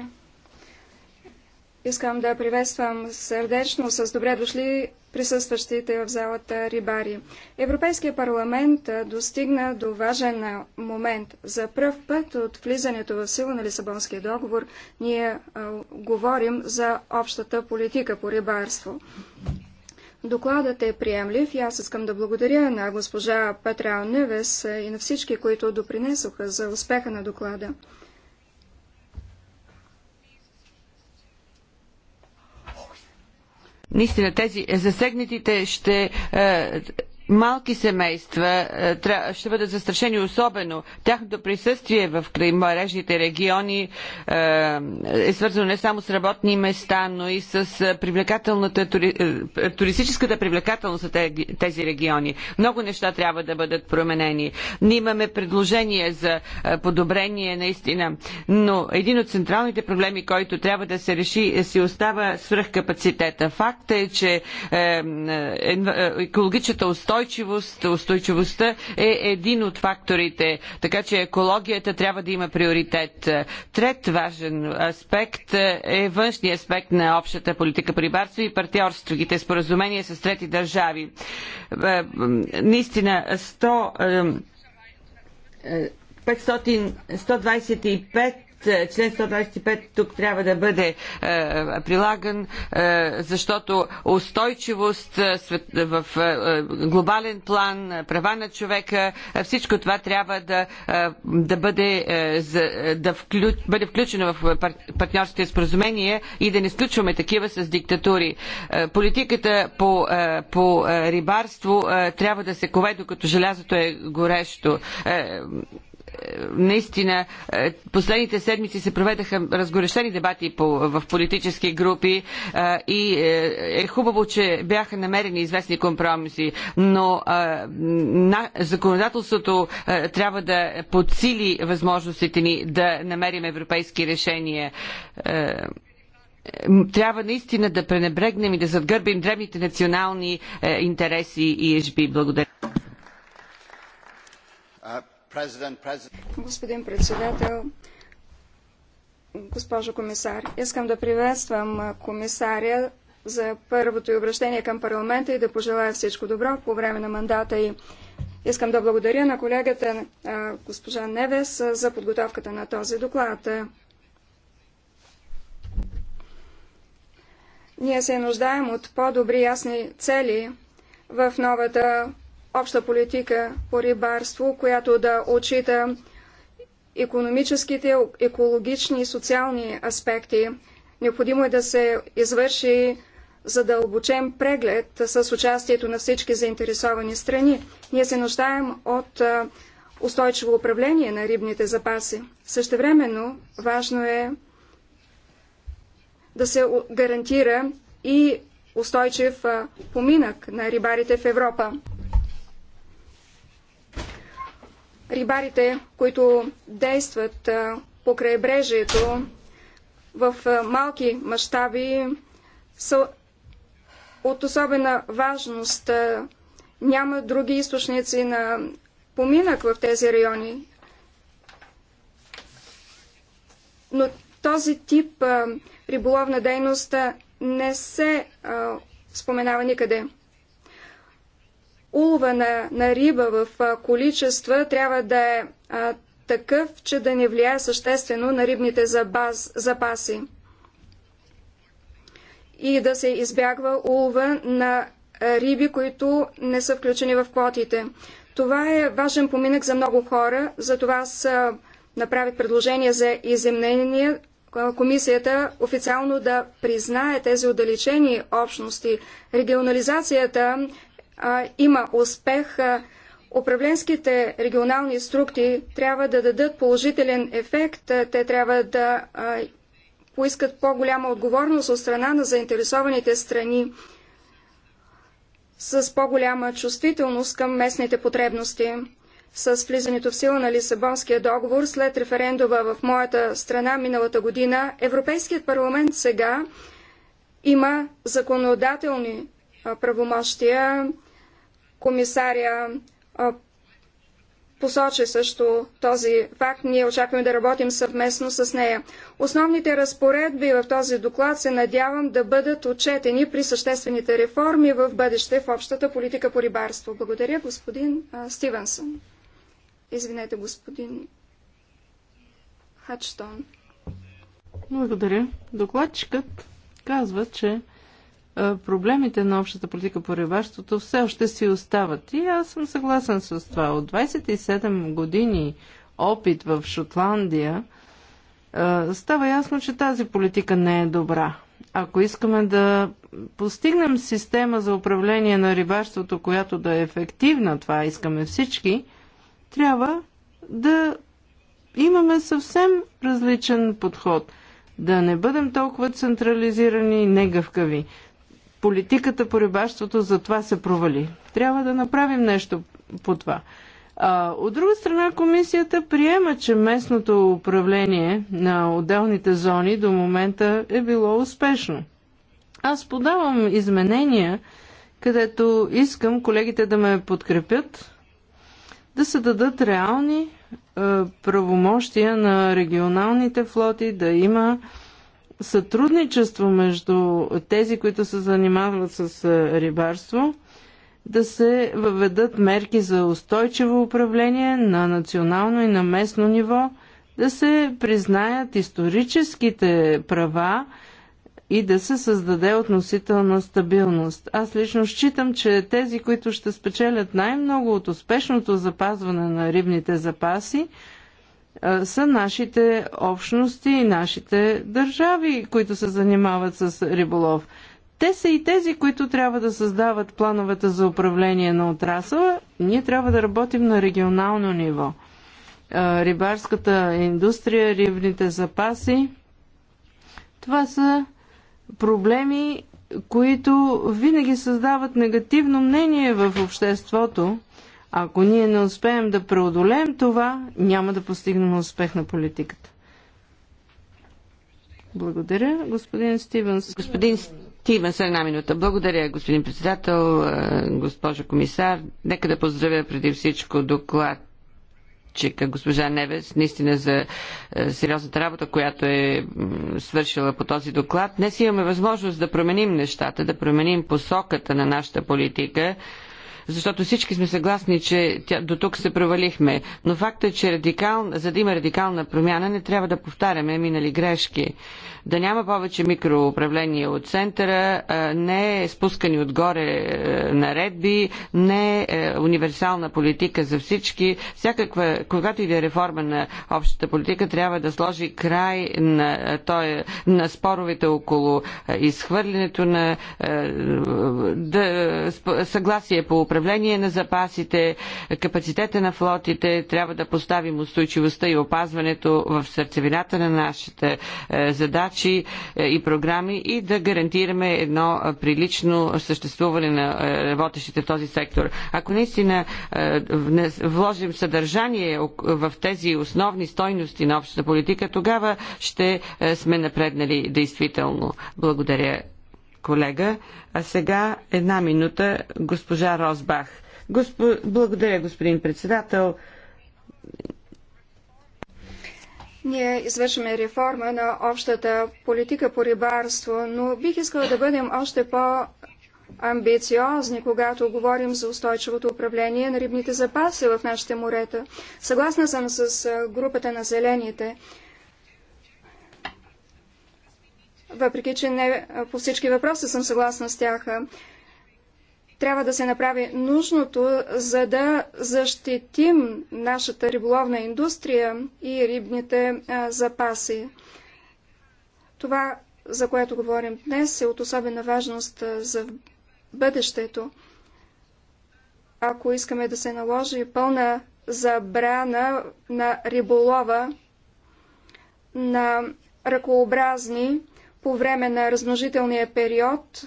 Искам да приветствам сърдечно с добре дошли присъстващите в залата рибари. Европейския парламент достигна до важен момент. За пръв път от влизането в сила на Лисабонския договор ние а, говорим за общата политика по рибарство. Докладът е приемлив и аз искам да благодаря на госпожа Петра Невес и на всички, които допринесоха за успеха на доклада. наистина тези засегнатите ще е, малки семейства е, ще бъдат застрашени особено. Тяхното присъствие в крайморежните региони е, е свързано не само с работни места, но и с е, привлекателната, туристическата привлекателност на тези региони. Много неща трябва да бъдат променени. Ние имаме предложение за подобрение наистина, но един от централните проблеми, който трябва да се реши, си остава свръхкапацитета. Факт е, че екологичната устойчивост устойчивост, устойчивостта е един от факторите, така че екологията трябва да има приоритет. Трет важен аспект е външния аспект на общата политика при барство и партньорствите, споразумения с трети държави. Е, наистина, 100 500, 125 член 125 тук трябва да бъде е, прилаган, е, защото устойчивост е, е в е, е, глобален план, е, права на човека, е, всичко това трябва да, е, да, бъде, е, за, да вклю, бъде включено в пар, партньорските споразумения и да не сключваме такива с диктатури. Е, политиката по, е, по рибарство е, трябва да се кове, докато желязото е горещо. Е, наистина е, последните седмици се проведаха разгорещени дебати по, в политически групи е, и е, е хубаво, че бяха намерени известни компромиси, но на, законодателството трябва да подсили възможностите ни да намерим европейски решения трябва наистина да пренебрегнем и да задгърбим древните национални е, интереси и ежби. Благодаря. Господин председател, госпожо комисар, искам да приветствам комисаря за първото и обращение към парламента и да пожелая всичко добро по време на мандата и искам да благодаря на колегата госпожа Невес за подготовката на този доклад. Ние се нуждаем от по-добри ясни цели в новата обща политика по рибарство, която да отчита економическите, екологични и социални аспекти. Необходимо е да се извърши задълбочен преглед с участието на всички заинтересовани страни. Ние се нуждаем от устойчиво управление на рибните запаси. Същевременно важно е да се гарантира и устойчив поминък на рибарите в Европа. рибарите, които действат по крайбрежието в малки мащаби, са от особена важност. Няма други източници на поминък в тези райони. Но този тип риболовна дейност не се споменава никъде улова на, на риба в количества трябва да е а, такъв, че да не влияе съществено на рибните забаз, запаси и да се избягва улова на риби, които не са включени в квотите. Това е важен поминък за много хора, затова аз направих предложение за иземнение комисията официално да признае тези отдалечени общности. Регионализацията а, има успех, а, управленските регионални структури трябва да дадат положителен ефект. А, те трябва да а, поискат по-голяма отговорност от страна на заинтересованите страни с по-голяма чувствителност към местните потребности. С влизането в сила на Лисабонския договор след референдума в моята страна миналата година, Европейският парламент сега има законодателни правомощия. Комисаря посочи също този факт. Ние очакваме да работим съвместно с нея. Основните разпоредби в този доклад се надявам да бъдат отчетени при съществените реформи в бъдеще в общата политика по рибарство. Благодаря, господин Стивенсън. Извинете, господин Хачтон. Благодаря. Докладчикът казва, че проблемите на общата политика по рибарството все още си остават. И аз съм съгласен с това. От 27 години опит в Шотландия става ясно, че тази политика не е добра. Ако искаме да постигнем система за управление на рибарството, която да е ефективна, това искаме всички, трябва да имаме съвсем различен подход – да не бъдем толкова централизирани и негъвкави политиката по рибарството за това се провали. Трябва да направим нещо по това. А, от друга страна, комисията приема, че местното управление на отделните зони до момента е било успешно. Аз подавам изменения, където искам колегите да ме подкрепят, да се дадат реални е, правомощия на регионалните флоти, да има е, сътрудничество между тези, които се занимават с рибарство, да се въведат мерки за устойчиво управление на национално и на местно ниво, да се признаят историческите права и да се създаде относителна стабилност. Аз лично считам, че тези, които ще спечелят най-много от успешното запазване на рибните запаси, са нашите общности и нашите държави, които се занимават с риболов. Те са и тези, които трябва да създават плановете за управление на отрасъла. Ние трябва да работим на регионално ниво. Рибарската индустрия, рибните запаси. Това са проблеми, които винаги създават негативно мнение в обществото ако ние не успеем да преодолеем това, няма да постигнем успех на политиката. Благодаря, господин Стивенс. Господин Стивенс, една минута. Благодаря, господин председател, е, госпожо комисар. Нека да поздравя преди всичко доклад чека госпожа Невес, наистина за е, сериозната работа, която е свършила по този доклад. Днес имаме възможност да променим нещата, да променим посоката на нашата политика защото всички сме съгласни, че тя, до тук се провалихме. Но факта, е, че радикал, за да има радикална промяна, не трябва да повтаряме минали грешки. Да няма повече микроуправление от центъра, не е спускани отгоре наредби, не е универсална политика за всички. Всякаква, когато и да е реформа на общата политика, трябва да сложи край на, той, на споровете около изхвърлянето на да, съгласие по управление на запасите, капацитета на флотите, трябва да поставим устойчивостта и опазването в сърцевината на нашите е, задачи е, и програми и да гарантираме едно е, прилично съществуване на работещите в този сектор. Ако наистина вложим съдържание в тези основни стойности на общата политика, тогава ще сме напреднали действително. Благодаря колега. А сега една минута госпожа Росбах. Госпо... Благодаря, господин председател. Ние извършваме реформа на общата политика по рибарство, но бих искала да бъдем още по- амбициозни, когато говорим за устойчивото управление на рибните запаси в нашите морета. Съгласна съм с групата на зелените. въпреки че не по всички въпроси съм съгласна с тях. Трябва да се направи нужното, за да защитим нашата риболовна индустрия и рибните запаси. Това, за което говорим днес, е от особена важност за бъдещето. Ако искаме да се наложи пълна забрана на риболова на ръкообразни по време на размножителния период,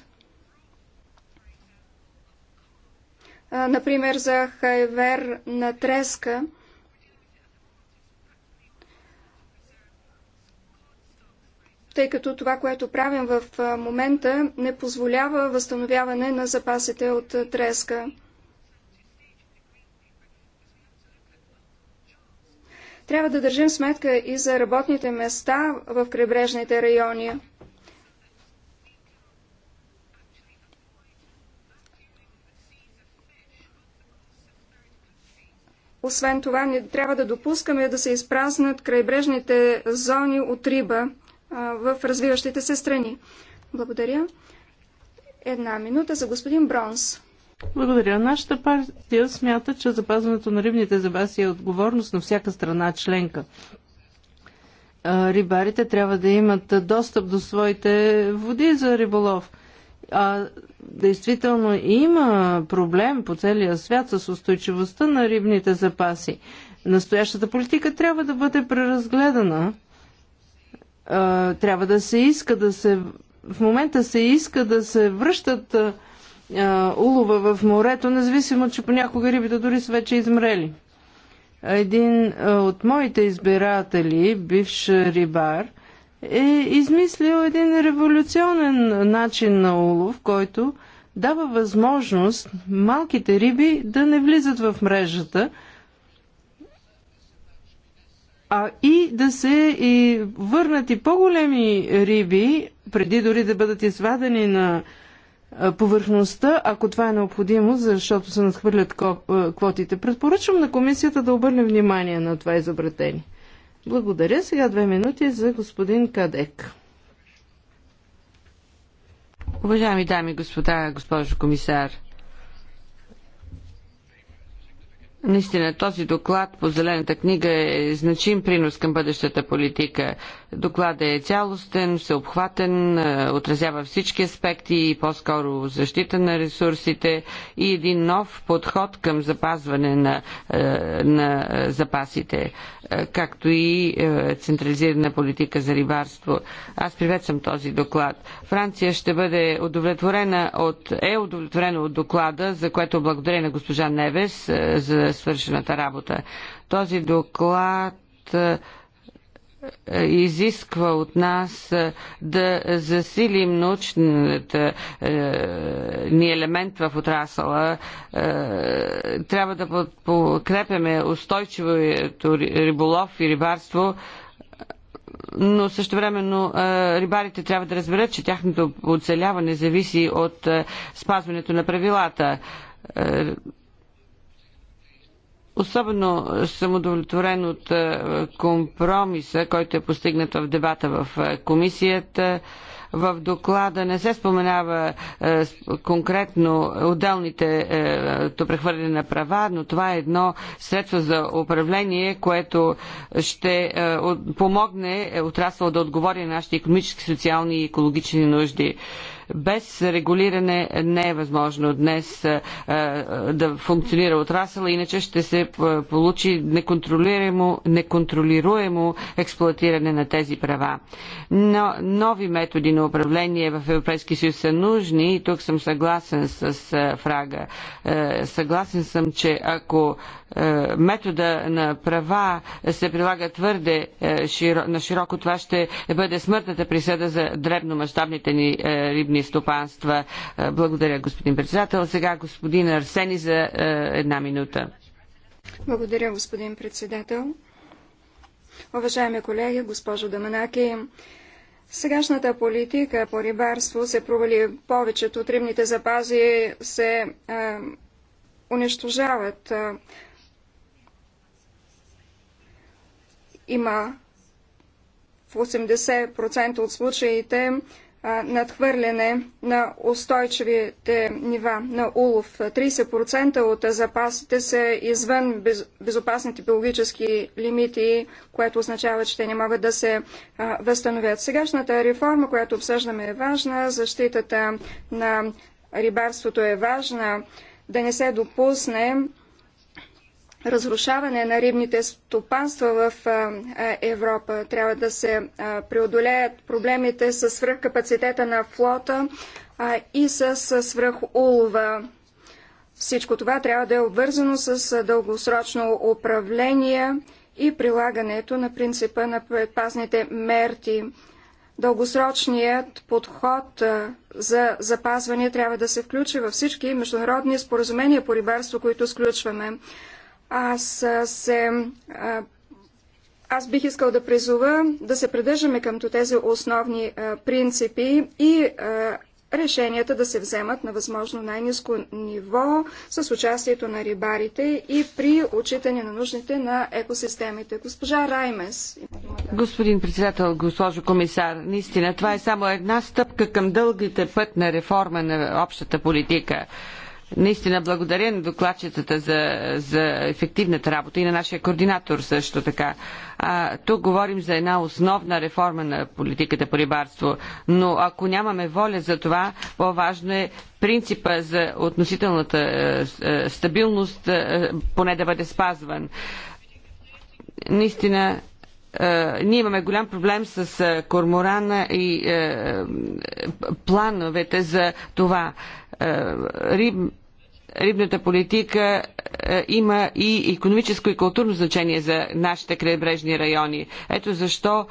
например за хайвер на треска, тъй като това, което правим в момента, не позволява възстановяване на запасите от треска. Трябва да държим сметка и за работните места в крайбрежните райони. Освен това, не трябва да допускаме да се изпразнат крайбрежните зони от риба в развиващите се страни. Благодаря. Една минута за господин Бронс. Благодаря. Нашата партия смята, че запазването на рибните запаси е отговорност на всяка страна членка. Рибарите трябва да имат достъп до своите води за риболов – а, действително има проблем по целия свят с устойчивостта на рибните запаси. Настоящата политика трябва да бъде преразгледана. А, трябва да се иска да се. В момента се иска да се връщат а, улова в морето, независимо, че понякога рибите дори са вече измрели. Един а, от моите избиратели, бивш рибар, а, е измислил един революционен начин на улов, който дава възможност малките риби да не влизат в мрежата, а и да се и върнат и по-големи риби, преди дори да бъдат извадени на повърхността, ако това е необходимо, защото се надхвърлят квотите. Предпоръчвам на комисията да обърне внимание на това изобретение. Благодаря. Сега две минути за господин Кадек. Уважаеми дами и господа, госпожо комисар, Наистина, този доклад по Зелената книга е значим принос към бъдещата политика. Докладът е цялостен, всеобхватен, е, отразява всички аспекти и по-скоро защита на ресурсите и един нов подход към запазване на, е, на запасите, е, както и централизирана политика за рибарство. Аз приветствам този доклад. Франция ще бъде удовлетворена от, е удовлетворена от доклада, за което благодаря на госпожа Невес за свършената работа. Този доклад е, изисква от нас е, да засилим научната е, ни елемент в отрасъла. Трябва да подкрепяме устойчивото риболов и рибарство, но също времено рибарите трябва да разберат, че тяхното оцеляване зависи от спазването на правилата Особено съм удовлетворен от е, компромиса, който е постигнат в дебата в е, комисията. В доклада не се споменава е, конкретно отделните е, прехвърляне на права, но това е едно средство за управление, което ще е, от, помогне отрасъл да отговори на нашите економически, социални и екологични нужди. Е, без регулиране не е възможно днес да функционира отрасъл, иначе ще се получи неконтролируемо, неконтролируемо експлуатиране на тези права. Но нови методи на управление в Европейския съюз са нужни и тук съм съгласен с Фрага. Е, съгласен съм, че ако е, метода на права се прилага твърде е, на широко, това ще бъде смъртната присъда за дребномащабните ни е, рибни стопанства. Благодаря, господин председател. Сега господин Арсени за една минута. Благодаря, господин председател. Уважаеми колеги, госпожо Даманаки, сегашната политика по рибарство се провали повечето от рибните запази се е, унищожават. има в 80% от случаите надхвърляне на устойчивите нива на улов. 30% от запасите са извън безопасните биологически лимити, което означава, че те не могат да се възстановят. Сегашната реформа, която обсъждаме е важна, защитата на рибарството е важна, да не се допусне разрушаване на рибните стопанства в Европа. Трябва да се преодолеят проблемите с свръхкапацитета на флота и с свръхулова. Всичко това трябва да е обвързано с дългосрочно управление и прилагането на принципа на предпазните мерки. Дългосрочният подход за запазване трябва да се включи във всички международни споразумения по рибарство, които сключваме. Аз се аз бих искал да призова да се придържаме към тези основни принципи и решенията да се вземат на възможно най-низко ниво с участието на рибарите и при отчитане на нуждите на екосистемите. Госпожа Раймес. Господин председател, госпожо комисар, наистина това е само една стъпка към дългите път на реформа на общата политика. Наистина благодаря на докладчетата за, за ефективната работа и на нашия координатор също така. А, тук говорим за една основна реформа на политиката по рибарство, но ако нямаме воля за това, по-важно е принципа за относителната е, е стабилност е, поне да бъде спазван. Наистина е, ние имаме голям проблем с е, корморана и е, плановете за това. Риб, рибната политика има и економическо и културно значение за нашите крайбрежни райони. Ето защо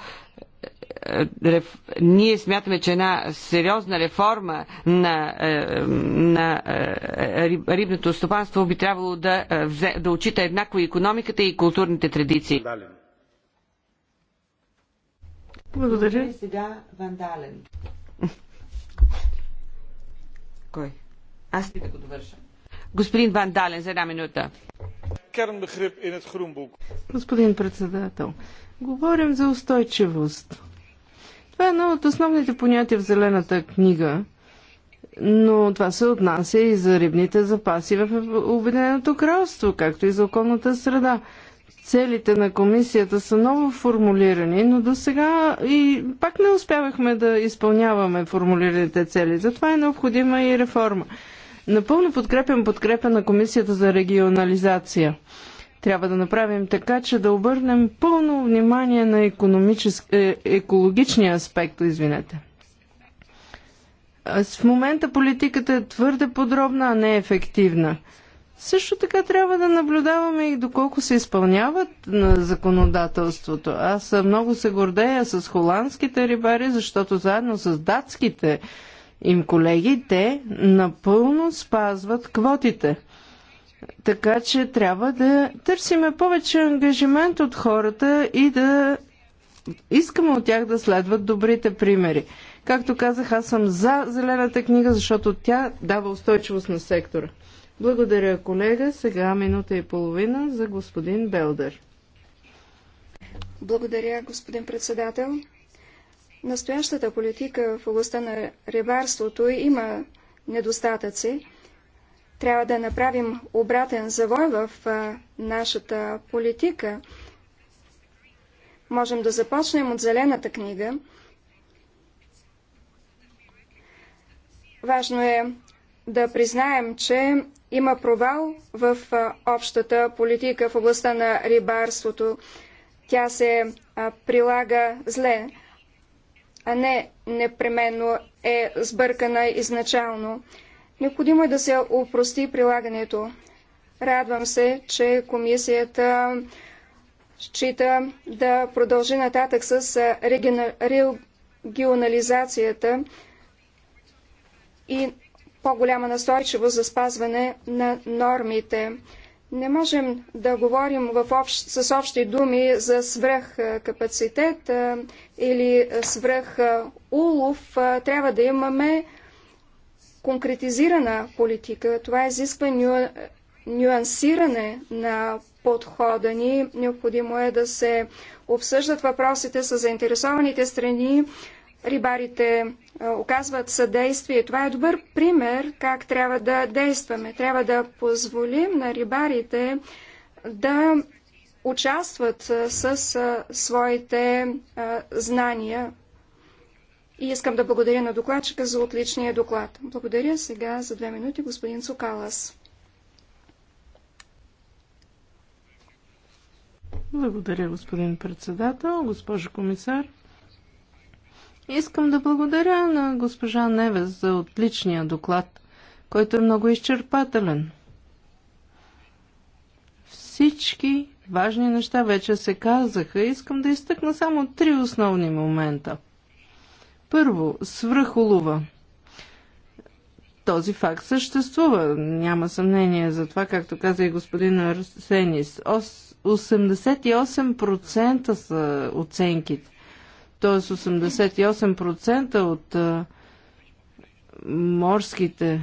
ние смятаме, че една сериозна реформа на, на рибното стопанство би трябвало да, да отчита еднакво и економиката и културните традиции. Благодаря. сега Вандален. Кой? Аз ли да го довърша? Господин Вандален, за една минута. Господин председател, говорим за устойчивост. Това е едно от основните понятия в Зелената книга, но това се отнася и за рибните запаси в Обединеното кралство, както и за околната среда целите на комисията са ново формулирани, но до сега и пак не успявахме да изпълняваме формулираните цели. Затова е необходима и реформа. Напълно подкрепям подкрепа на комисията за регионализация. Трябва да направим така, че да обърнем пълно внимание на економическ... е, екологичния аспект, извинете. В момента политиката е твърде подробна, а не ефективна. Също така трябва да наблюдаваме и доколко се изпълняват на законодателството. Аз много се гордея с холандските рибари, защото заедно с датските им колеги, те напълно спазват квотите. Така че трябва да търсиме повече ангажимент от хората и да искаме от тях да следват добрите примери. Както казах, аз съм за зелената книга, защото тя дава устойчивост на сектора. Благодаря, колега. Сега минута и половина за господин Белдер. Благодаря, господин председател. Настоящата политика в областта на рибарството има недостатъци. Трябва да направим обратен завой в нашата политика. Можем да започнем от зелената книга. Важно е да признаем, че има провал в общата политика в областта на рибарството. Тя се прилага зле, а не непременно е сбъркана изначално. Необходимо е да се упрости прилагането. Радвам се, че комисията счита да продължи нататък с регионализацията и по-голяма настойчивост за спазване на нормите. Не можем да говорим в общ, с общи думи за свръхкапацитет или свръх улов. Трябва да имаме конкретизирана политика. Това изисква ню, нюансиране на подхода ни. Необходимо е да се обсъждат въпросите с заинтересованите страни, рибарите е, оказват съдействие. Това е добър пример как трябва да действаме. Трябва да позволим на рибарите да участват е, с е, своите знания. И искам да благодаря на докладчика за отличния доклад. Благодаря сега за две минути господин Цукалас. Благодаря, господин председател, госпожо комисар. Искам да благодаря на госпожа Невес за отличния доклад, който е много изчерпателен. Всички важни неща вече се казаха. Искам да изтъкна само три основни момента. Първо, свръхулова. Този факт съществува. Няма съмнение за това, както каза и господин Арсенис. 88% са оценките т.е. 88% от морските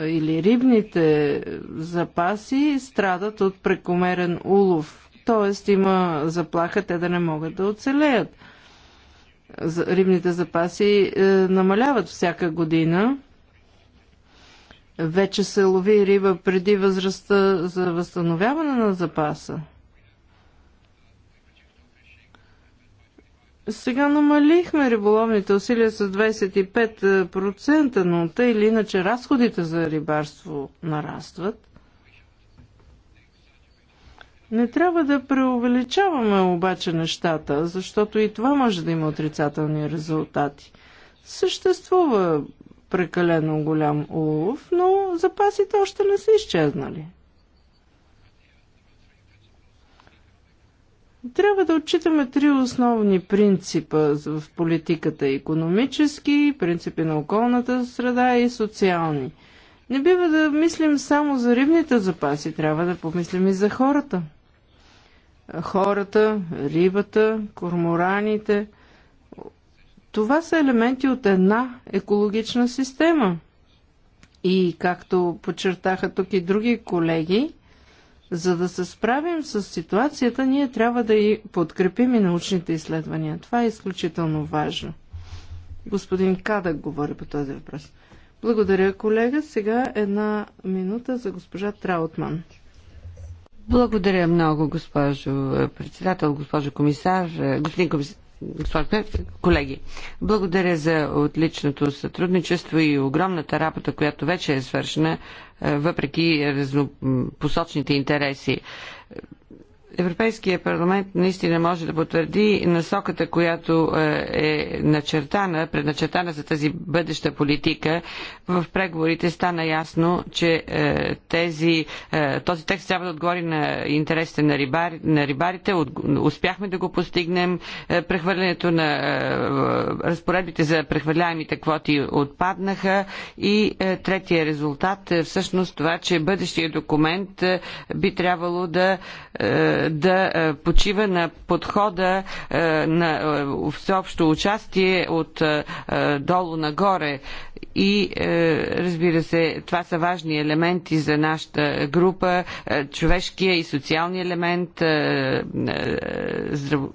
или рибните запаси страдат от прекомерен улов. Т.е. има заплаха те да не могат да оцелеят. Рибните запаси е, намаляват всяка година. Вече се лови риба преди възрастта за възстановяване на запаса. Сега намалихме риболовните усилия с 25%, но те или иначе разходите за рибарство нарастват. Не трябва да преувеличаваме обаче нещата, защото и това може да има отрицателни резултати. Съществува прекалено голям улов, но запасите още не са изчезнали. Трябва да отчитаме три основни принципа в политиката – економически, принципи на околната среда и социални. Не бива да мислим само за рибните запаси, трябва да помислим и за хората. Хората, рибата, кормораните – това са елементи от една екологична система. И както подчертаха тук и други колеги – за да се справим с ситуацията, ние трябва да и подкрепим и научните изследвания. Това е изключително важно. Господин Кадък говори по този въпрос. Благодаря, колега. Сега една минута за госпожа Траутман. Благодаря много, госпожо председател, госпожо комисар, господин комисар. Колеги, благодаря за отличното сътрудничество и огромната работа, която вече е свършена въпреки разнопосочните интереси. Европейския парламент наистина може да потвърди насоката, която е, е начертана, предначертана за тази бъдеща политика. В преговорите стана ясно, че е, тези, е, този текст трябва да отговори на интересите на, рибар, на рибарите. Успяхме да го постигнем. Прехвърлянето на разпоредбите за прехвърляемите квоти отпаднаха. И третия резултат е всъщност това, че бъдещия документ би трябвало да да е, почива на подхода е, на е, всеобщо участие от долу нагоре. И разбира се, това са важни елементи за нашата група. Човешкия и социалния елемент,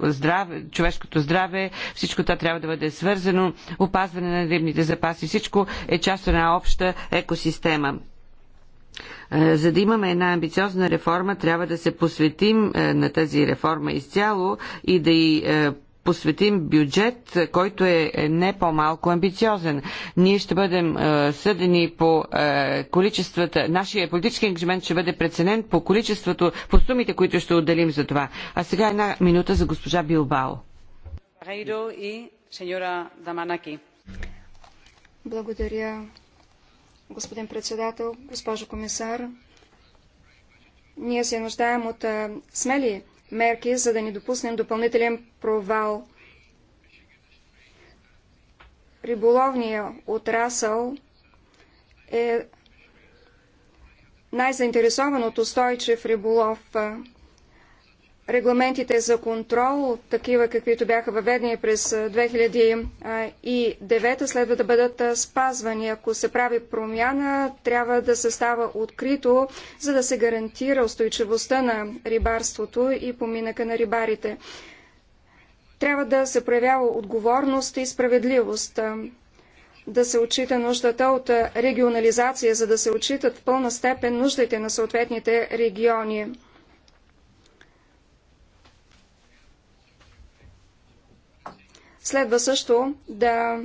здраве, човешкото здраве, всичко това трябва да бъде свързано, опазване на рибните запаси, всичко е част от една обща екосистема. Е, за да имаме една амбициозна реформа, трябва да се посветим е, на тази реформа изцяло и да и е, посветим бюджет, който е не по-малко амбициозен. Ние ще бъдем съдени по количествата, нашия политически ангажимент ще бъде преценен по количеството, по сумите, които ще отделим за това. А сега една минута за госпожа Билбао. Благодаря, господин председател, госпожо комисар. Ние се нуждаем от а, смели мерки, за да не допуснем допълнителен провал. Риболовният отрасъл е най-заинтересован от устойчив риболов. А, регламентите за контрол, такива каквито бяха въведени през 2009, следва да бъдат спазвани. Ако се прави промяна, трябва да се става открито, за да се гарантира устойчивостта на рибарството и поминъка на рибарите. Трябва да се проявява отговорност и справедливост да се отчита нуждата от регионализация, за да се отчитат в пълна степен нуждите на съответните региони. Следва също да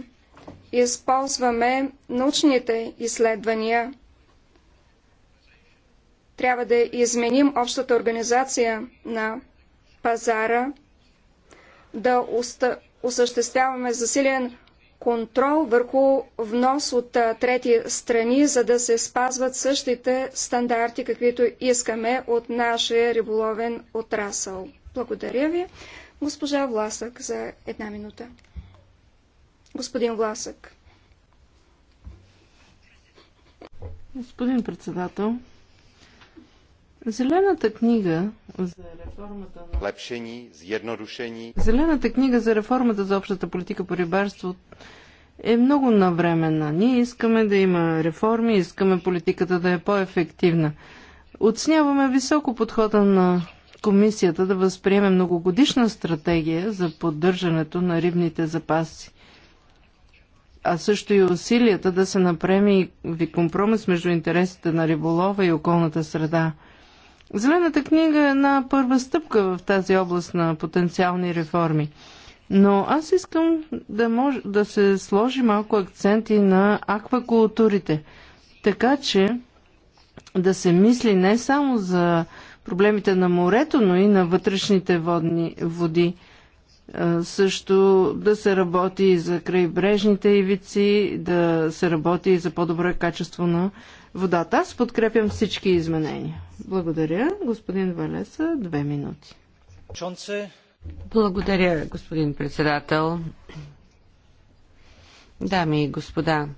използваме научните изследвания. Трябва да изменим общата организация на пазара, да осъществяваме засилен контрол върху внос от трети страни, за да се спазват същите стандарти, каквито искаме от нашия риболовен отрасъл. Благодаря ви. Госпожа Власък за една минута. Господин Власък. Господин председател, Зелената книга за реформата на... Лепшени, зъеднорушени... Зелената книга за реформата за общата политика по рибарство е много навременна. Ние искаме да има реформи, искаме политиката да е по-ефективна. Отсняваме високо подхода на комисията да възприеме многогодишна стратегия за поддържането на рибните запаси, а също и усилията да се направи компромис между интересите на риболова и околната среда. Зелената книга е една първа стъпка в тази област на потенциални реформи. Но аз искам да, мож, да се сложи малко акценти на аквакултурите, така че да се мисли не само за проблемите на морето, но и на вътрешните водни води. Също да се работи и за крайбрежните ивици, да се работи и за по-добро качество на водата. Аз подкрепям всички изменения. Благодаря. Господин Валеса, две минути. Благодаря, господин председател. Дами и господа,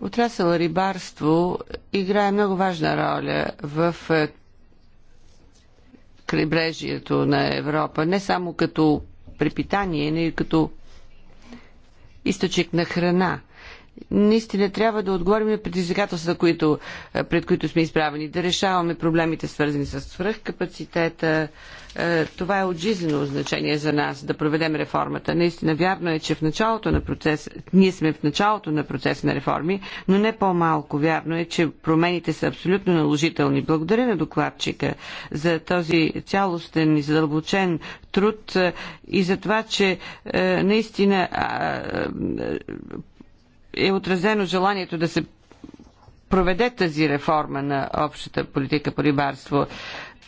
Отрасъл рибарство играе много важна роля в е, крайбрежието на Европа, не само като препитание, но и като източник на храна наистина трябва да отговорим на предизвикателствата, които, е, пред които сме изправени, да решаваме проблемите, свързани с свръхкапацитета. Е, това е от жизнено значение за нас, да проведем реформата. Наистина вярно е, че в началото на процес, ние сме в началото на процес на реформи, но не по-малко вярно е, че промените са абсолютно наложителни. Благодаря на докладчика за този цялостен и задълбочен труд е, и за това, че наистина е отразено желанието да се проведе тази реформа на общата политика по рибарство.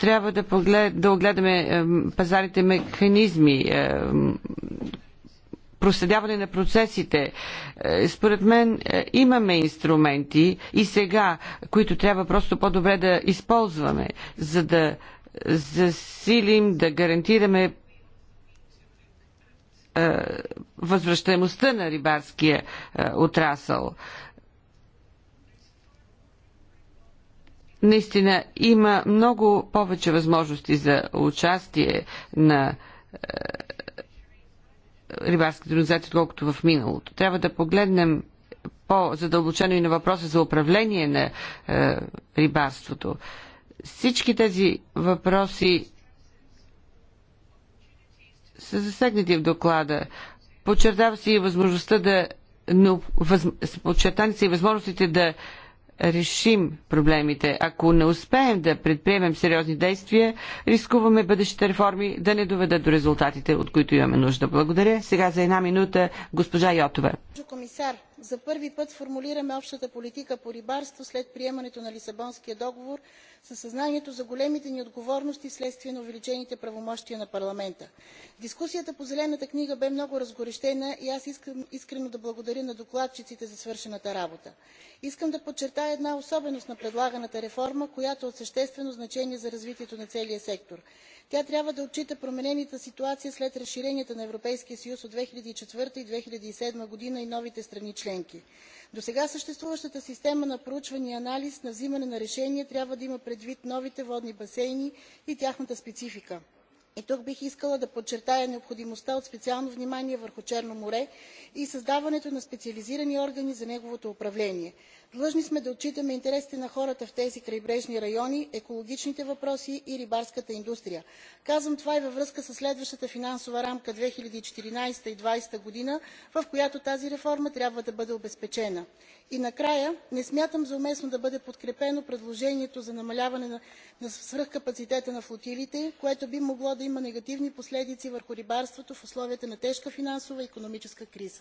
Трябва да, поглед, да огледаме пазарите механизми, проследяване на процесите. Е, според мен е, имаме инструменти и сега, които трябва просто по-добре да използваме, за да засилим, да гарантираме е, възвръщаемостта на рибарския е, отрасъл. Наистина има много повече възможности за участие на е, рибарските организации, отколкото в миналото. Трябва да погледнем по-задълбочено и на въпроса за управление на рибарството. Всички тези въпроси са засегнати в доклада. Подчертава се и възможността да. Но, въз, подчертани са и възможностите да решим проблемите. Ако не успеем да предприемем сериозни действия, рискуваме бъдещите реформи да не доведат до резултатите, от които имаме нужда. Благодаря. Сега за една минута госпожа Йотова. Комисар, за първи път формулираме общата политика по рибарство след приемането на лисабонския договор със съзнанието за големите ни отговорности вследствие на увеличените правомощия на парламента. дискусията по зелената книга бе много разгорещена и аз искам искрено да благодаря на докладчиците за свършената работа. искам да подчертая една особеност на предлаганата реформа която е от съществено значение за развитието на целия сектор. Тя трябва да отчита променената ситуация след разширенията на Европейския съюз от 2004 и 2007 г. и новите страни членки. Досега съществуващата система на проучване и анализ на вземане на решения трябва да има предвид новите водни басейни и тяхната специфика. И тук бих искала да подчертая необходимостта от специално внимание върху Черно море и създаването на специализирани органи за неговото управление. Длъжни сме да отчитаме интересите на хората в тези крайбрежни райони, екологичните въпроси и рибарската индустрия. Казвам това и във връзка със следващата финансова рамка 2014-2020 г., в която тази реформа трябва да бъде обезпечена. И накрая, не смятам за уместно да бъде подкрепено предложението за намаляване на свръхкапацитета на флотилиите, което би могло да има негативни последици върху рибарството в условията на тежка финансова и икономическа криза.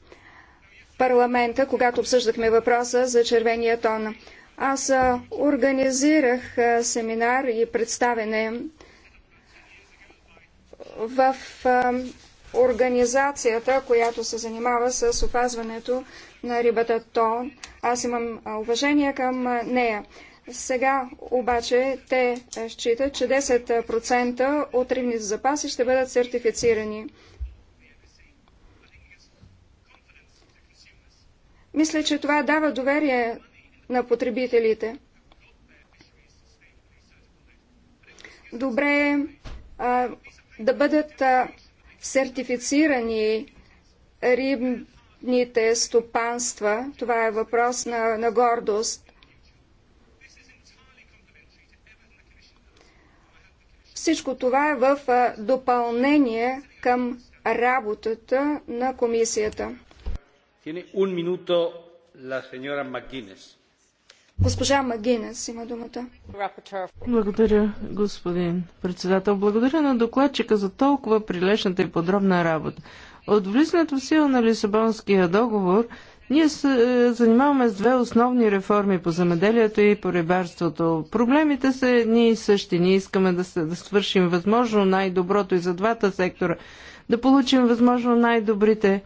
парламента, когато обсъждахме въпроса за червения тон. Аз организирах семинар и представене в организацията, която се занимава с опазването на рибата тон. Аз имам уважение към нея. Сега обаче те считат, че 10% от рибните запаси ще бъдат сертифицирани. Мисля, че това дава доверие на потребителите. Добре е да бъдат а, сертифицирани рибните стопанства. Това е въпрос на, на гордост. Всичко това е в допълнение към работата на комисията. Благодаря, господин председател. Благодаря на докладчика за толкова прилежната и подробна работа. От влизането в сила на Лисабонския договор ние се е, занимаваме с две основни реформи по земеделието и по рибарството. Проблемите са едни и същи. Ние искаме да, се, да свършим възможно най-доброто и за двата сектора, да получим възможно най-добрите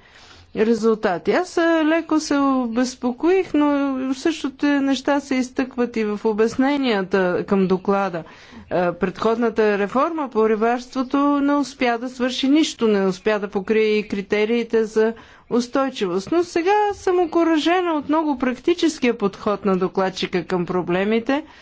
резултати. Аз леко се обезпокоих, но същото неща се изтъкват и в обясненията към доклада. Предходната реформа по рибарството не успя да свърши нищо, не успя да покрие и критериите за устойчивост. Но сега съм окоръжена от много практическия подход на докладчика към проблемите –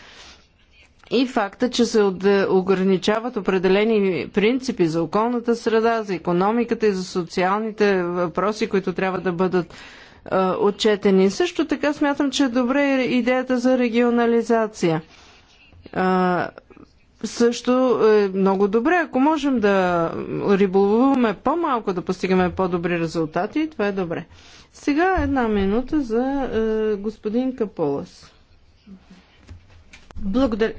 и факта, че се ограничават определени принципи за околната среда, за економиката и за социалните въпроси, които трябва да бъдат е, отчетени. Също така смятам, че е добре идеята за регионализация. Е, също е много добре, ако можем да риболуваме по-малко, да постигаме по-добри резултати, това е добре. Сега една минута за е, господин Каполас. Благодаря.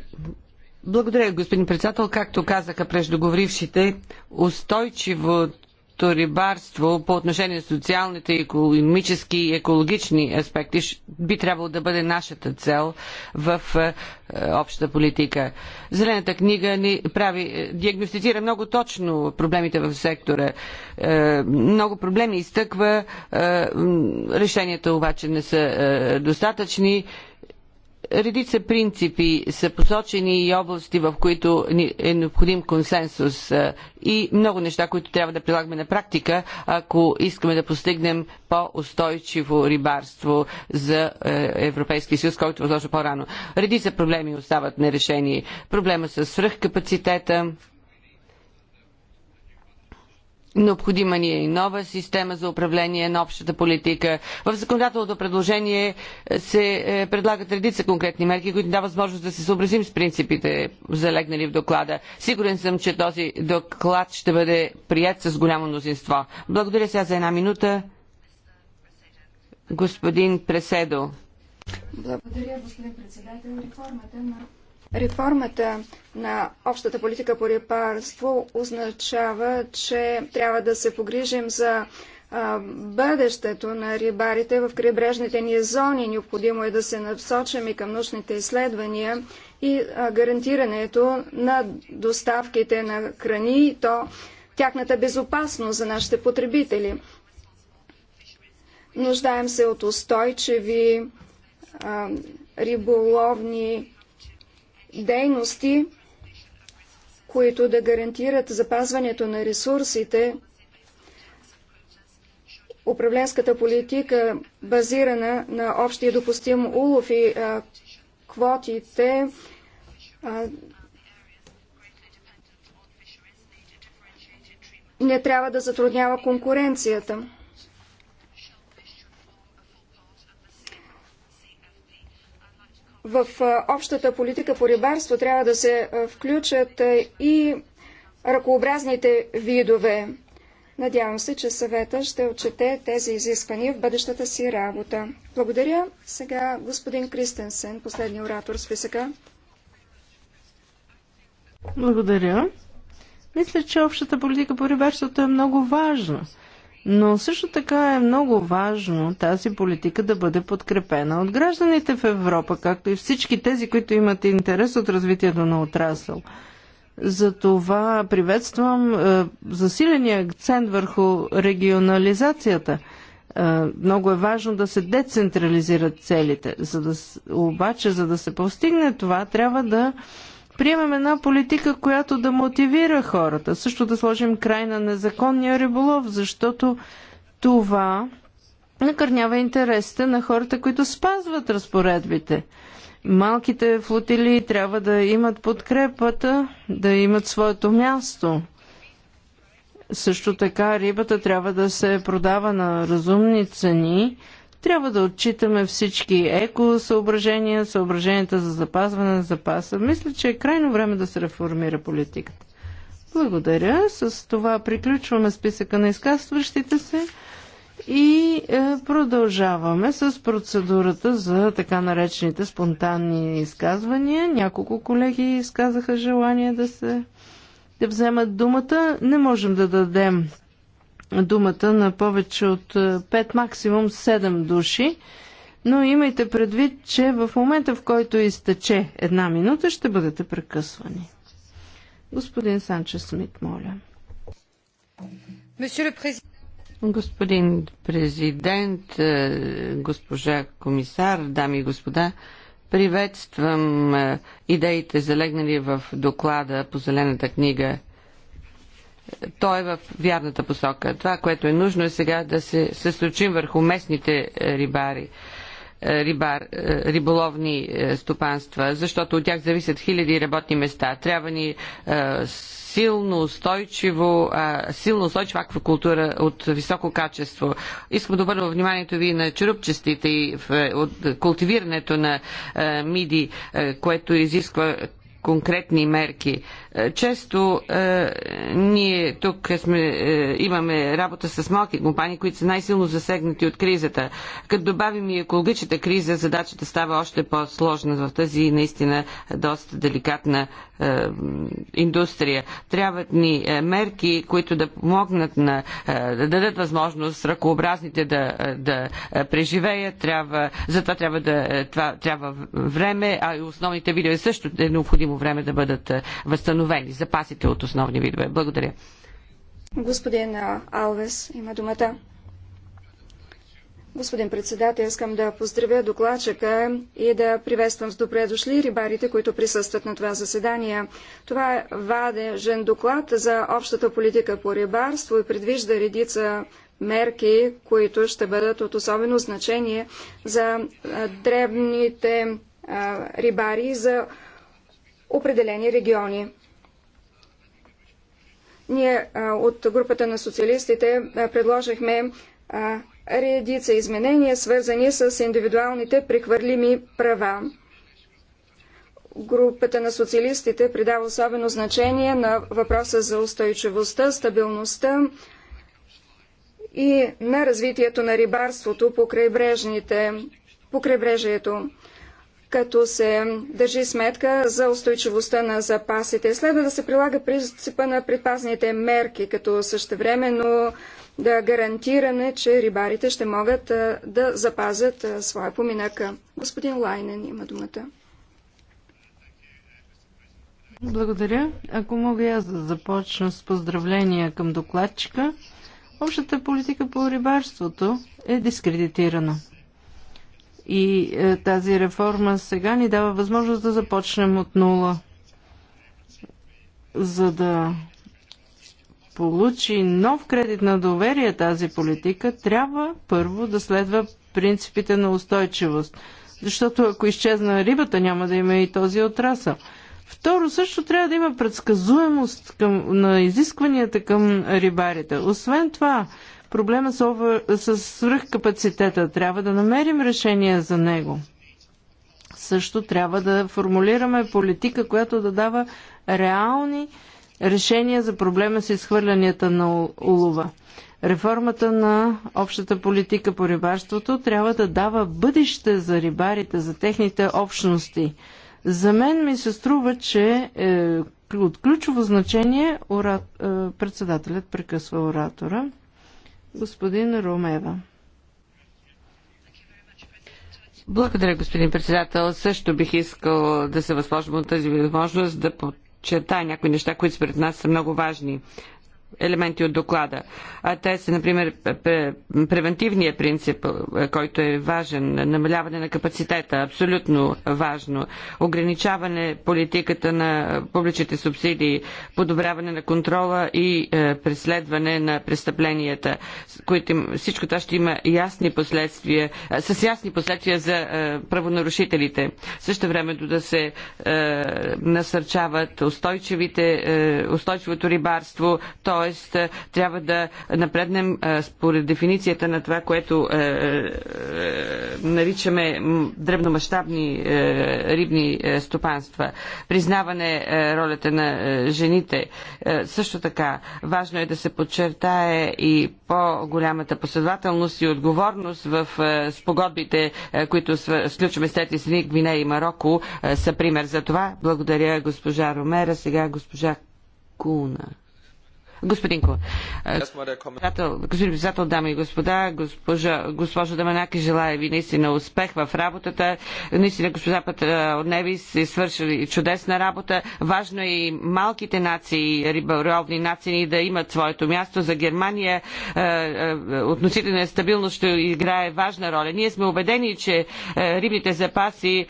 Благодаря, господин председател. Както казаха преждоговорившите, устойчивото рибарство по отношение на социалните, економически и екологични аспекти би трябвало да бъде нашата цел в е, общата политика. Зелената книга ни прави, е, диагностицира много точно проблемите в сектора. Е, много проблеми изтъква, решенията обаче не са достатъчни Редица принципи са посочени и области, в които е необходим консенсус и много неща, които трябва да прилагаме на практика, ако искаме да постигнем по-устойчиво рибарство за е, Европейския съюз, който възложа по-рано. Редица проблеми остават нерешени. Проблема с свръхкапацитета, Необходима ни е и нова система за управление на общата политика. В законодателното предложение се е, предлагат редица конкретни мерки, които дават възможност да се съобразим с принципите, залегнали в доклада. Сигурен съм, че този доклад ще бъде прият с голямо мнозинство. Благодаря сега за една минута. Господин Преседо. Благодаря, господин председател. Реформата на Реформата на общата политика по репарство означава, че трябва да се погрижим за бъдещето на рибарите в крайбрежните ни зони. Необходимо е да се насочим и към научните изследвания и гарантирането на доставките на храни и то тяхната безопасност за нашите потребители. Нуждаем се от устойчиви риболовни дейности, които да гарантират запазването на ресурсите, управленската политика, базирана на общия допустим улов и а, квотите, а, не трябва да затруднява конкуренцията. в общата политика по рибарство трябва да се включат и ръкообразните видове. Надявам се, че съвета ще отчете тези изисквания в бъдещата си работа. Благодаря. Сега господин Кристенсен, последния оратор в списъка. Благодаря. Мисля, че общата политика по рибарството е много важна. Но също така е много важно тази политика да бъде подкрепена от гражданите в Европа, както и всички тези, които имат интерес от развитието на отрасъл. Затова приветствам е, засиления акцент върху регионализацията. Е, много е важно да се децентрализират целите. За да, обаче, за да се постигне това, трябва да е, приемем една политика, която да мотивира хората. Също да сложим край на незаконния риболов, защото това накърнява интересите на хората, които спазват разпоредбите. Малките флотилии трябва да имат подкрепата, да имат своето място. Също така рибата трябва да се продава на разумни цени, трябва да отчитаме всички екосъображения, съображенията за запазване на запаса. Мисля, че е крайно време да се реформира политиката. Благодаря. С това приключваме списъка на изказващите се и е, продължаваме с процедурата за така наречените спонтанни изказвания. Няколко колеги изказаха желание да се да вземат думата. Не можем да дадем думата на повече от 5, е, максимум 7 души. Но имайте предвид, че в момента, в който изтече една минута, ще бъдете прекъсвани. Господин Санчес Смит, моля. Господин президент, е, госпожа комисар, дами и господа, приветствам е, идеите, залегнали в доклада по Зелената книга то е в вярната посока. Това, което е нужно е сега да се съсочим върху местните е, рибари, е, рибар, е, риболовни стопанства, защото от тях зависят хиляди работни места. Трябва ни силно устойчиво, силно устойчива аквакултура от високо качество. Искам да обърна вниманието ви на черупчестите и в, от култивирането на миди, което изисква конкретни мерки. Е, често е, ние тук сме, е, имаме работа с малки компании, които са най-силно засегнати от кризата. Като добавим и екологичната криза, задачата става още по-сложна в тази наистина доста деликатна е, индустрия. Трябват ни е, мерки, които да помогнат на, е, да дадат възможност ръкообразните да, е, да е, преживеят. Трябва, затова трябва, да, това, трябва време, а и основните видео също е необходимо необходимо време да бъдат е, възстановени запасите от основни видове. Благодаря. Господин Алвес има думата. Господин председател, искам да поздравя докладчика и да приветствам с добре дошли рибарите, които присъстват на това заседание. Това е вадежен доклад за общата политика по рибарство и предвижда редица мерки, които ще бъдат от особено значение за дребните рибари и за определени региони. Ние от групата на социалистите предложихме редица изменения, свързани с индивидуалните прехвърлими права. Групата на социалистите придава особено значение на въпроса за устойчивостта, стабилността и на развитието на рибарството по крайбрежните по крайбрежието като се държи сметка за устойчивостта на запасите. Следва да се прилага принципа на предпазните мерки, като същевременно да гарантираме, че рибарите ще могат да запазят своя поминъка. Господин Лайнен има думата. Благодаря. Ако мога аз да започна с поздравления към докладчика. Общата политика по рибарството е дискредитирана. И е, тази реформа сега ни дава възможност да започнем от нула, за да получи нов кредит на доверие тази политика, трябва първо да следва принципите на устойчивост. Защото ако изчезна рибата, няма да има и този отрасъл. Второ, също трябва да има предсказуемост към, на изискванията към рибарите. Освен това, проблема с, over, с свръхкапацитета. Трябва да намерим решение за него. Също трябва да формулираме политика, която да дава реални решения за проблема с изхвърлянията на улова. Реформата на общата политика по рибарството трябва да дава бъдеще за рибарите, за техните общности. За мен ми се струва, че е, от ключово значение ора... Е, председателят прекъсва оратора. Господин Ромева. Благодаря, господин председател. Също бих искал да се възложим от тази възможност да подчертая някои неща, които според нас са много важни елементи от доклада. А те са, например, превентивния принцип, е, който е важен, намаляване на капацитета, абсолютно важно, ограничаване политиката на публичните субсидии, подобряване на контрола и е, преследване на престъпленията, които всичко това ще има ясни последствия, е, с ясни последствия за правонарушителите. Също времето да се насърчават устойчивите, устойчивото рибарство, т.е т.е. трябва да напреднем е, според дефиницията на това, което е, е, наричаме дребномащабни рибни стопанства. Признаване ролята на жените. Също така, важно е да се подчертае и по-голямата последователност и отговорност в спогодбите, които сключваме с тези страни, Гвинея и Марокко, са пример за това. Благодаря госпожа Ромера. Сега госпожа Куна. Господин Ко. Господин председател, дами и господа, госпожа, госпожа Даманаки, желая ви наистина успех в работата. Наистина госпожа Неви си е свършили чудесна работа. Важно е и малките нации, риболовни нации да имат своето място. За Германия относителна стабилност ще играе важна роля. Ние сме убедени, че рибните запаси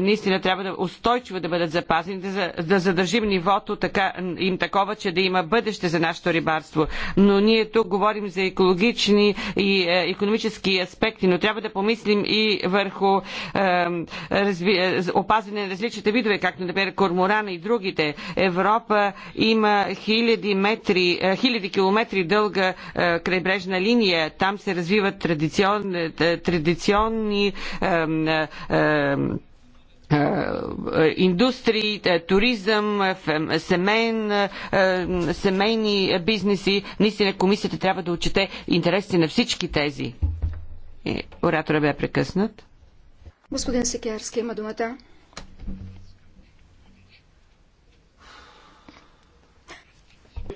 наистина трябва да устойчиво да бъдат запазени, да, задържим нивото така, им такова, че да има бъдеще за нашите нашето рибарство. Но ние тук говорим за екологични и е, економически аспекти, но трябва да помислим и върху е, разви... Е, опазване на различните видове, както например корморана и другите. Европа има хиляди, метри, хиляди километри дълга крайбрежна линия. Там се развиват традиционни, традиционни е, индустрии, е, туризъм, е, семейн, семейни бизнеси. Наистина комисията трябва да отчете интересите на всички тези. Оратора бе прекъснат. Господин Секерски има думата.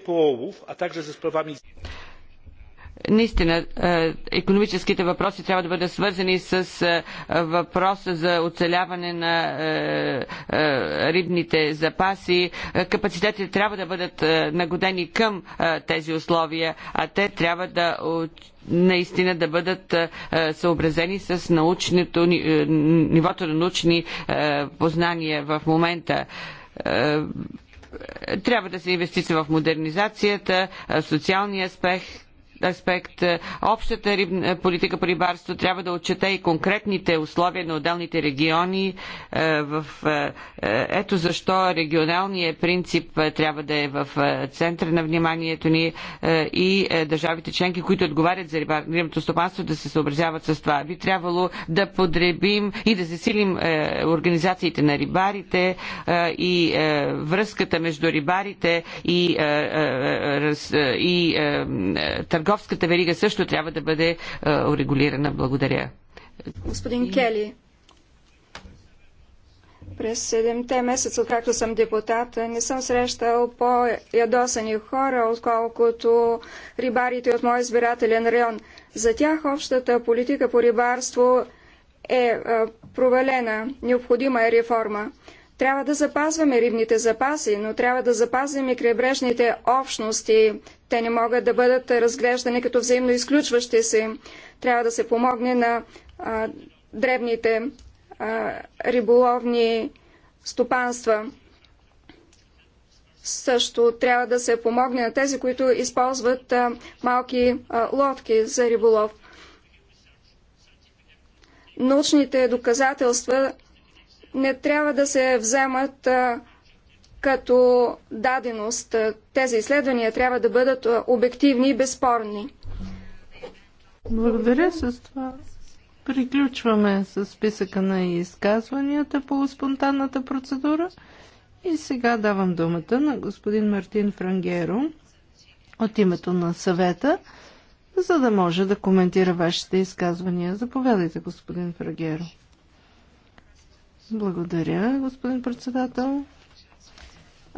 połowów a także ze sprawami наистина е, економическите въпроси трябва да бъдат свързани с е, въпроса за оцеляване на е, рибните запаси. Капацитетите трябва да бъдат нагодени към тези условия, а те трябва да наистина да бъдат съобразени с научното, нивото на научни познания в момента трябва да се инвестира в модернизацията, социалния аспект, аспект, общата е, политика по рибарство трябва да отчете и конкретните условия на отделните региони. Е, в... Е, ето защо регионалният принцип трябва да е в центъра на вниманието ни и държавите членки, които отговарят за рибарното стопанство, да се съобразяват с това. Би трябвало да подребим и да засилим организациите на рибарите и връзката между рибарите и, и търговците търговската верига също трябва да бъде е, урегулирана. Благодаря. Господин Кели, през 7 месеца, откакто съм депутат, не съм срещал по-ядосани хора, отколкото рибарите от моя избирателен район. За тях общата политика по рибарство е, е провалена. Необходима е реформа. Трябва да запазваме рибните запаси, но трябва да запазим и крайбрежните общности. Те не могат да бъдат разглеждани като взаимно изключващи се. Трябва да се помогне на а, дребните а, риболовни стопанства. Също трябва да се помогне на тези, които използват а, малки а, лодки за риболов. Научните доказателства не трябва да се вземат а, като даденост. Тези изследвания трябва да бъдат обективни и безспорни. Благодаря с това. Приключваме с списъка на изказванията по спонтанната процедура. И сега давам думата на господин Мартин Франгеро от името на съвета, за да може да коментира вашите изказвания. Заповядайте, господин Франгеро. Благодаря, господин председател.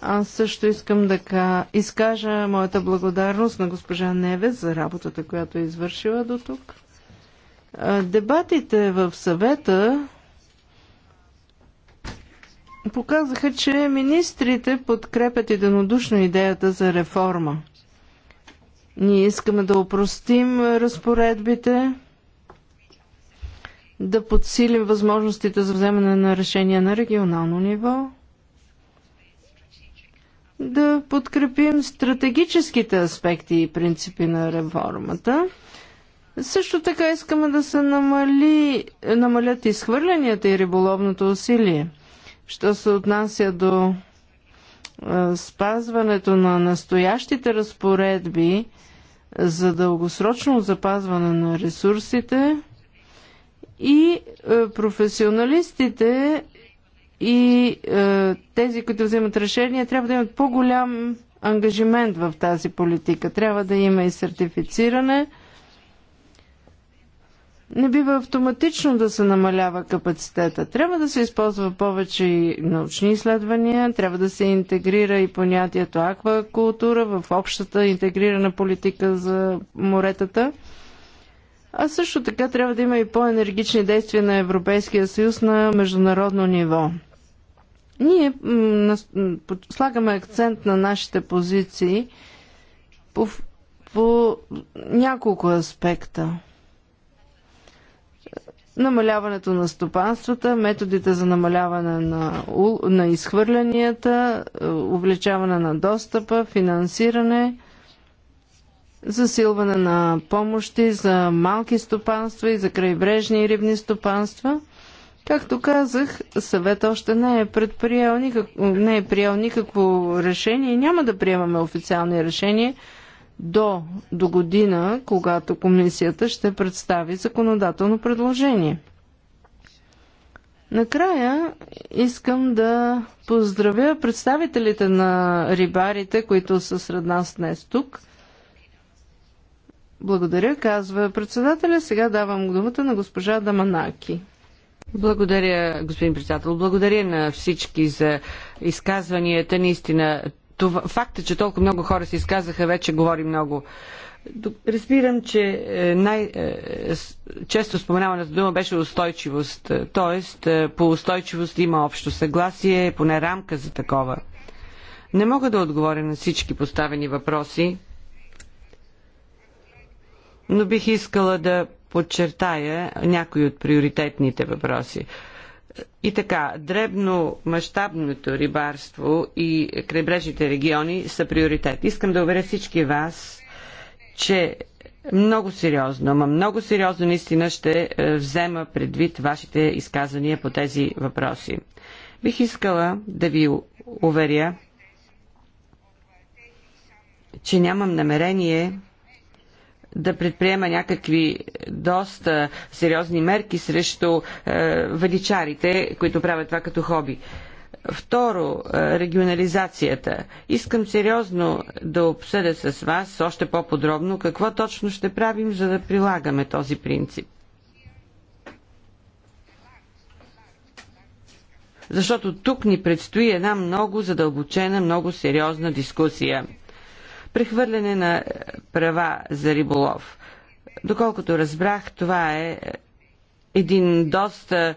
Аз също искам да ка... изкажа моята благодарност на госпожа Невес за работата, която е извършила до тук. Дебатите в съвета показаха, че министрите подкрепят единодушно идеята за реформа. Ние искаме да опростим разпоредбите, да подсилим възможностите за вземане на решения на регионално ниво, да подкрепим стратегическите аспекти и принципи на реформата. Също така искаме да се намали, намалят изхвърлянията и риболовното усилие. Що се отнася до е, спазването на настоящите разпоредби за дългосрочно запазване на ресурсите и е, професионалистите и е, тези, които вземат решения, трябва да имат по-голям ангажимент в тази политика. Трябва да има и сертифициране. Не бива автоматично да се намалява капацитета. Трябва да се използва повече и научни изследвания, трябва да се интегрира и понятието аквакултура в общата интегрирана политика за моретата. А също така трябва да има и по-енергични действия на Европейския съюз на международно ниво. Ние слагаме акцент на нашите позиции по, по няколко аспекта. Намаляването на стопанствата, методите за намаляване на, на изхвърлянията, е, увеличаване на достъпа, финансиране, засилване на помощи за малки стопанства и за крайбрежни и рибни стопанства – Както казах, съвет още не е предприел никак, не е приел никакво решение и няма да приемаме официални решения до, до година, когато комисията ще представи законодателно предложение. Накрая искам да поздравя представителите на рибарите, които са сред нас днес тук. Благодаря, казва председателя. Сега давам думата на госпожа Даманаки. Благодаря, господин председател. Благодаря на всички за изказванията. Наистина, това, факта, че толкова много хора се изказаха, вече говори много. Разбирам, че е, най-често е, споменаваната дума беше устойчивост. Тоест, е, по устойчивост има общо съгласие, поне рамка за такова. Не мога да отговоря на всички поставени въпроси, но бих искала да подчертая някои от приоритетните въпроси. И така, дребно мащабното рибарство и крайбрежните региони са приоритет. Искам да уверя всички вас, че много сериозно, ама много сериозно наистина ще е, взема предвид вашите изказания по тези въпроси. Бих искала да ви уверя, че нямам намерение да предприема някакви доста сериозни мерки срещу е, величарите, които правят това като хоби. Второ, е, регионализацията. Искам сериозно да обсъдя с вас още по-подробно какво точно ще правим, за да прилагаме този принцип. Защото тук ни предстои една много задълбочена, много сериозна дискусия. Прехвърляне на права за риболов. Доколкото разбрах, това е един доста е,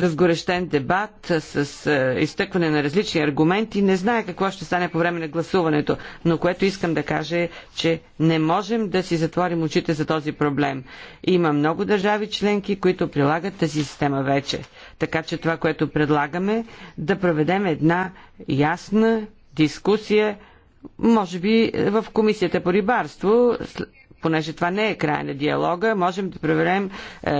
разгорещен дебат с е, изтъкване на различни аргументи. Не знае какво ще стане по време на гласуването, но което искам да кажа е, че не можем да си затворим очите за този проблем. Има много държави членки, които прилагат тази система вече. Така че това, което предлагаме, да проведем една ясна дискусия може би в комисията по рибарство понеже това не е край на диалога, можем да проверем е,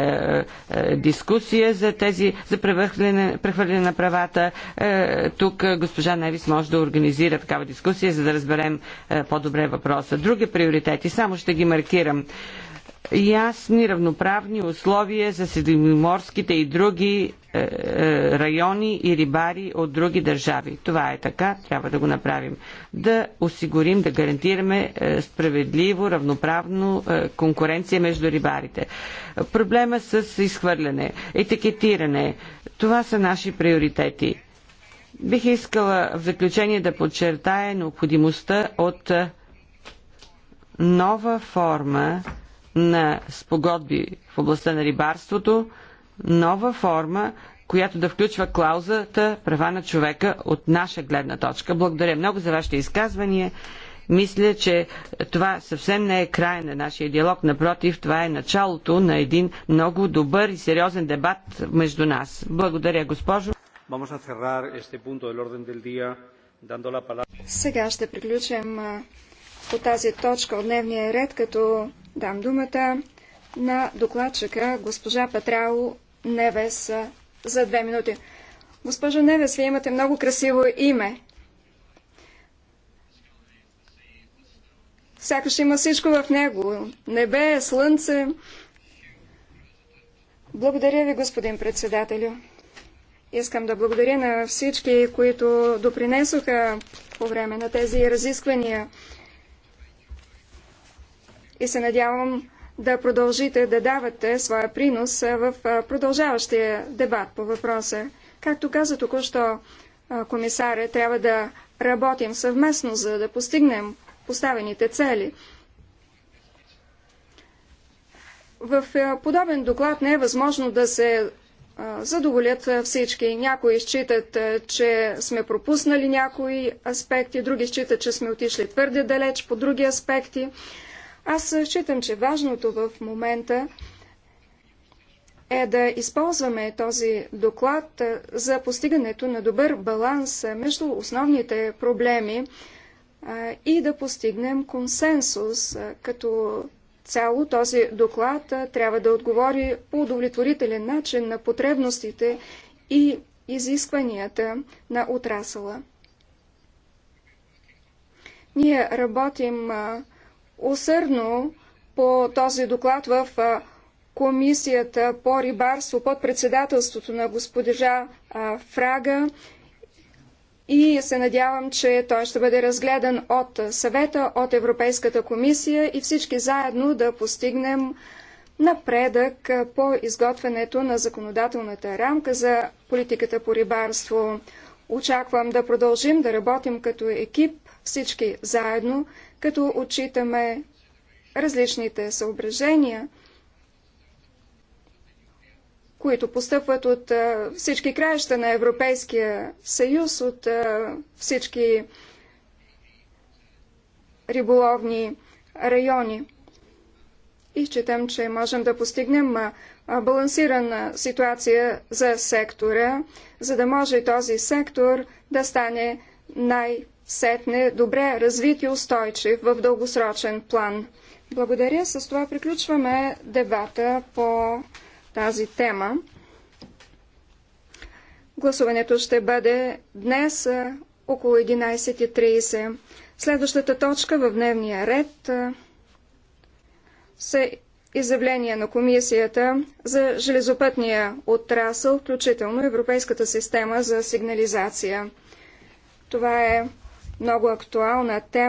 е, дискусия за тези, за прехвърляне, прехвърляне на правата. Е, тук госпожа Невис може да организира такава дискусия, за да разберем е, по-добре въпроса. Други приоритети, само ще ги маркирам. Е, ясни равноправни условия за средиземноморските и други е, е, райони и рибари от други държави. Това е така, трябва да го направим. Да осигурим, да гарантираме е, справедливо, равноправно конкуренция между рибарите. Проблема с изхвърляне, етикетиране, това са наши приоритети. Бих искала в заключение да подчертая необходимостта от нова форма на спогодби в областта на рибарството, нова форма, която да включва клаузата права на човека от наша гледна точка. Благодаря много за вашите изказвания. Мисля, че това съвсем не е край на нашия диалог. Напротив, това е началото на един много добър и сериозен дебат между нас. Благодаря, госпожо. Сега ще приключим по тази точка от дневния ред, като дам думата на докладчика госпожа Патрао Невес за две минути. Госпожо Невес, вие имате много красиво име. Сякаш има всичко в него. Небе, слънце. Благодаря ви, господин председателю. Искам да благодаря на всички, които допринесоха по време на тези разисквания и се надявам да продължите да давате своя принос в продължаващия дебат по въпроса. Както каза току-що комисаря, трябва да работим съвместно, за да постигнем поставените цели. В подобен доклад не е възможно да се задоволят всички. Някои считат, че сме пропуснали някои аспекти, други считат, че сме отишли твърде далеч по други аспекти. Аз считам, че важното в момента е да използваме този доклад за постигането на добър баланс между основните проблеми и да постигнем консенсус. Като цяло този доклад трябва да отговори по удовлетворителен начин на потребностите и изискванията на отрасъла. Ние работим а, усърдно по този доклад в Комисията по рибарство под председателството на госпожа Фрага и се надявам, че той ще бъде разгледан от съвета, от Европейската комисия и всички заедно да постигнем напредък по изготвянето на законодателната рамка за политиката по рибарство. Очаквам да продължим да работим като екип всички заедно, като отчитаме различните съображения, които постъпват от всички краища на Европейския съюз, от всички риболовни райони. И считам, че можем да постигнем балансирана ситуация за сектора, за да може този сектор да стане най- сетне добре развит и устойчив в дългосрочен план. Благодаря. С това приключваме дебата по тази тема. Гласуването ще бъде днес около 11.30. Следващата точка в дневния ред са изявления на комисията за железопътния отрасъл, включително Европейската система за сигнализация. Това е много актуална тема.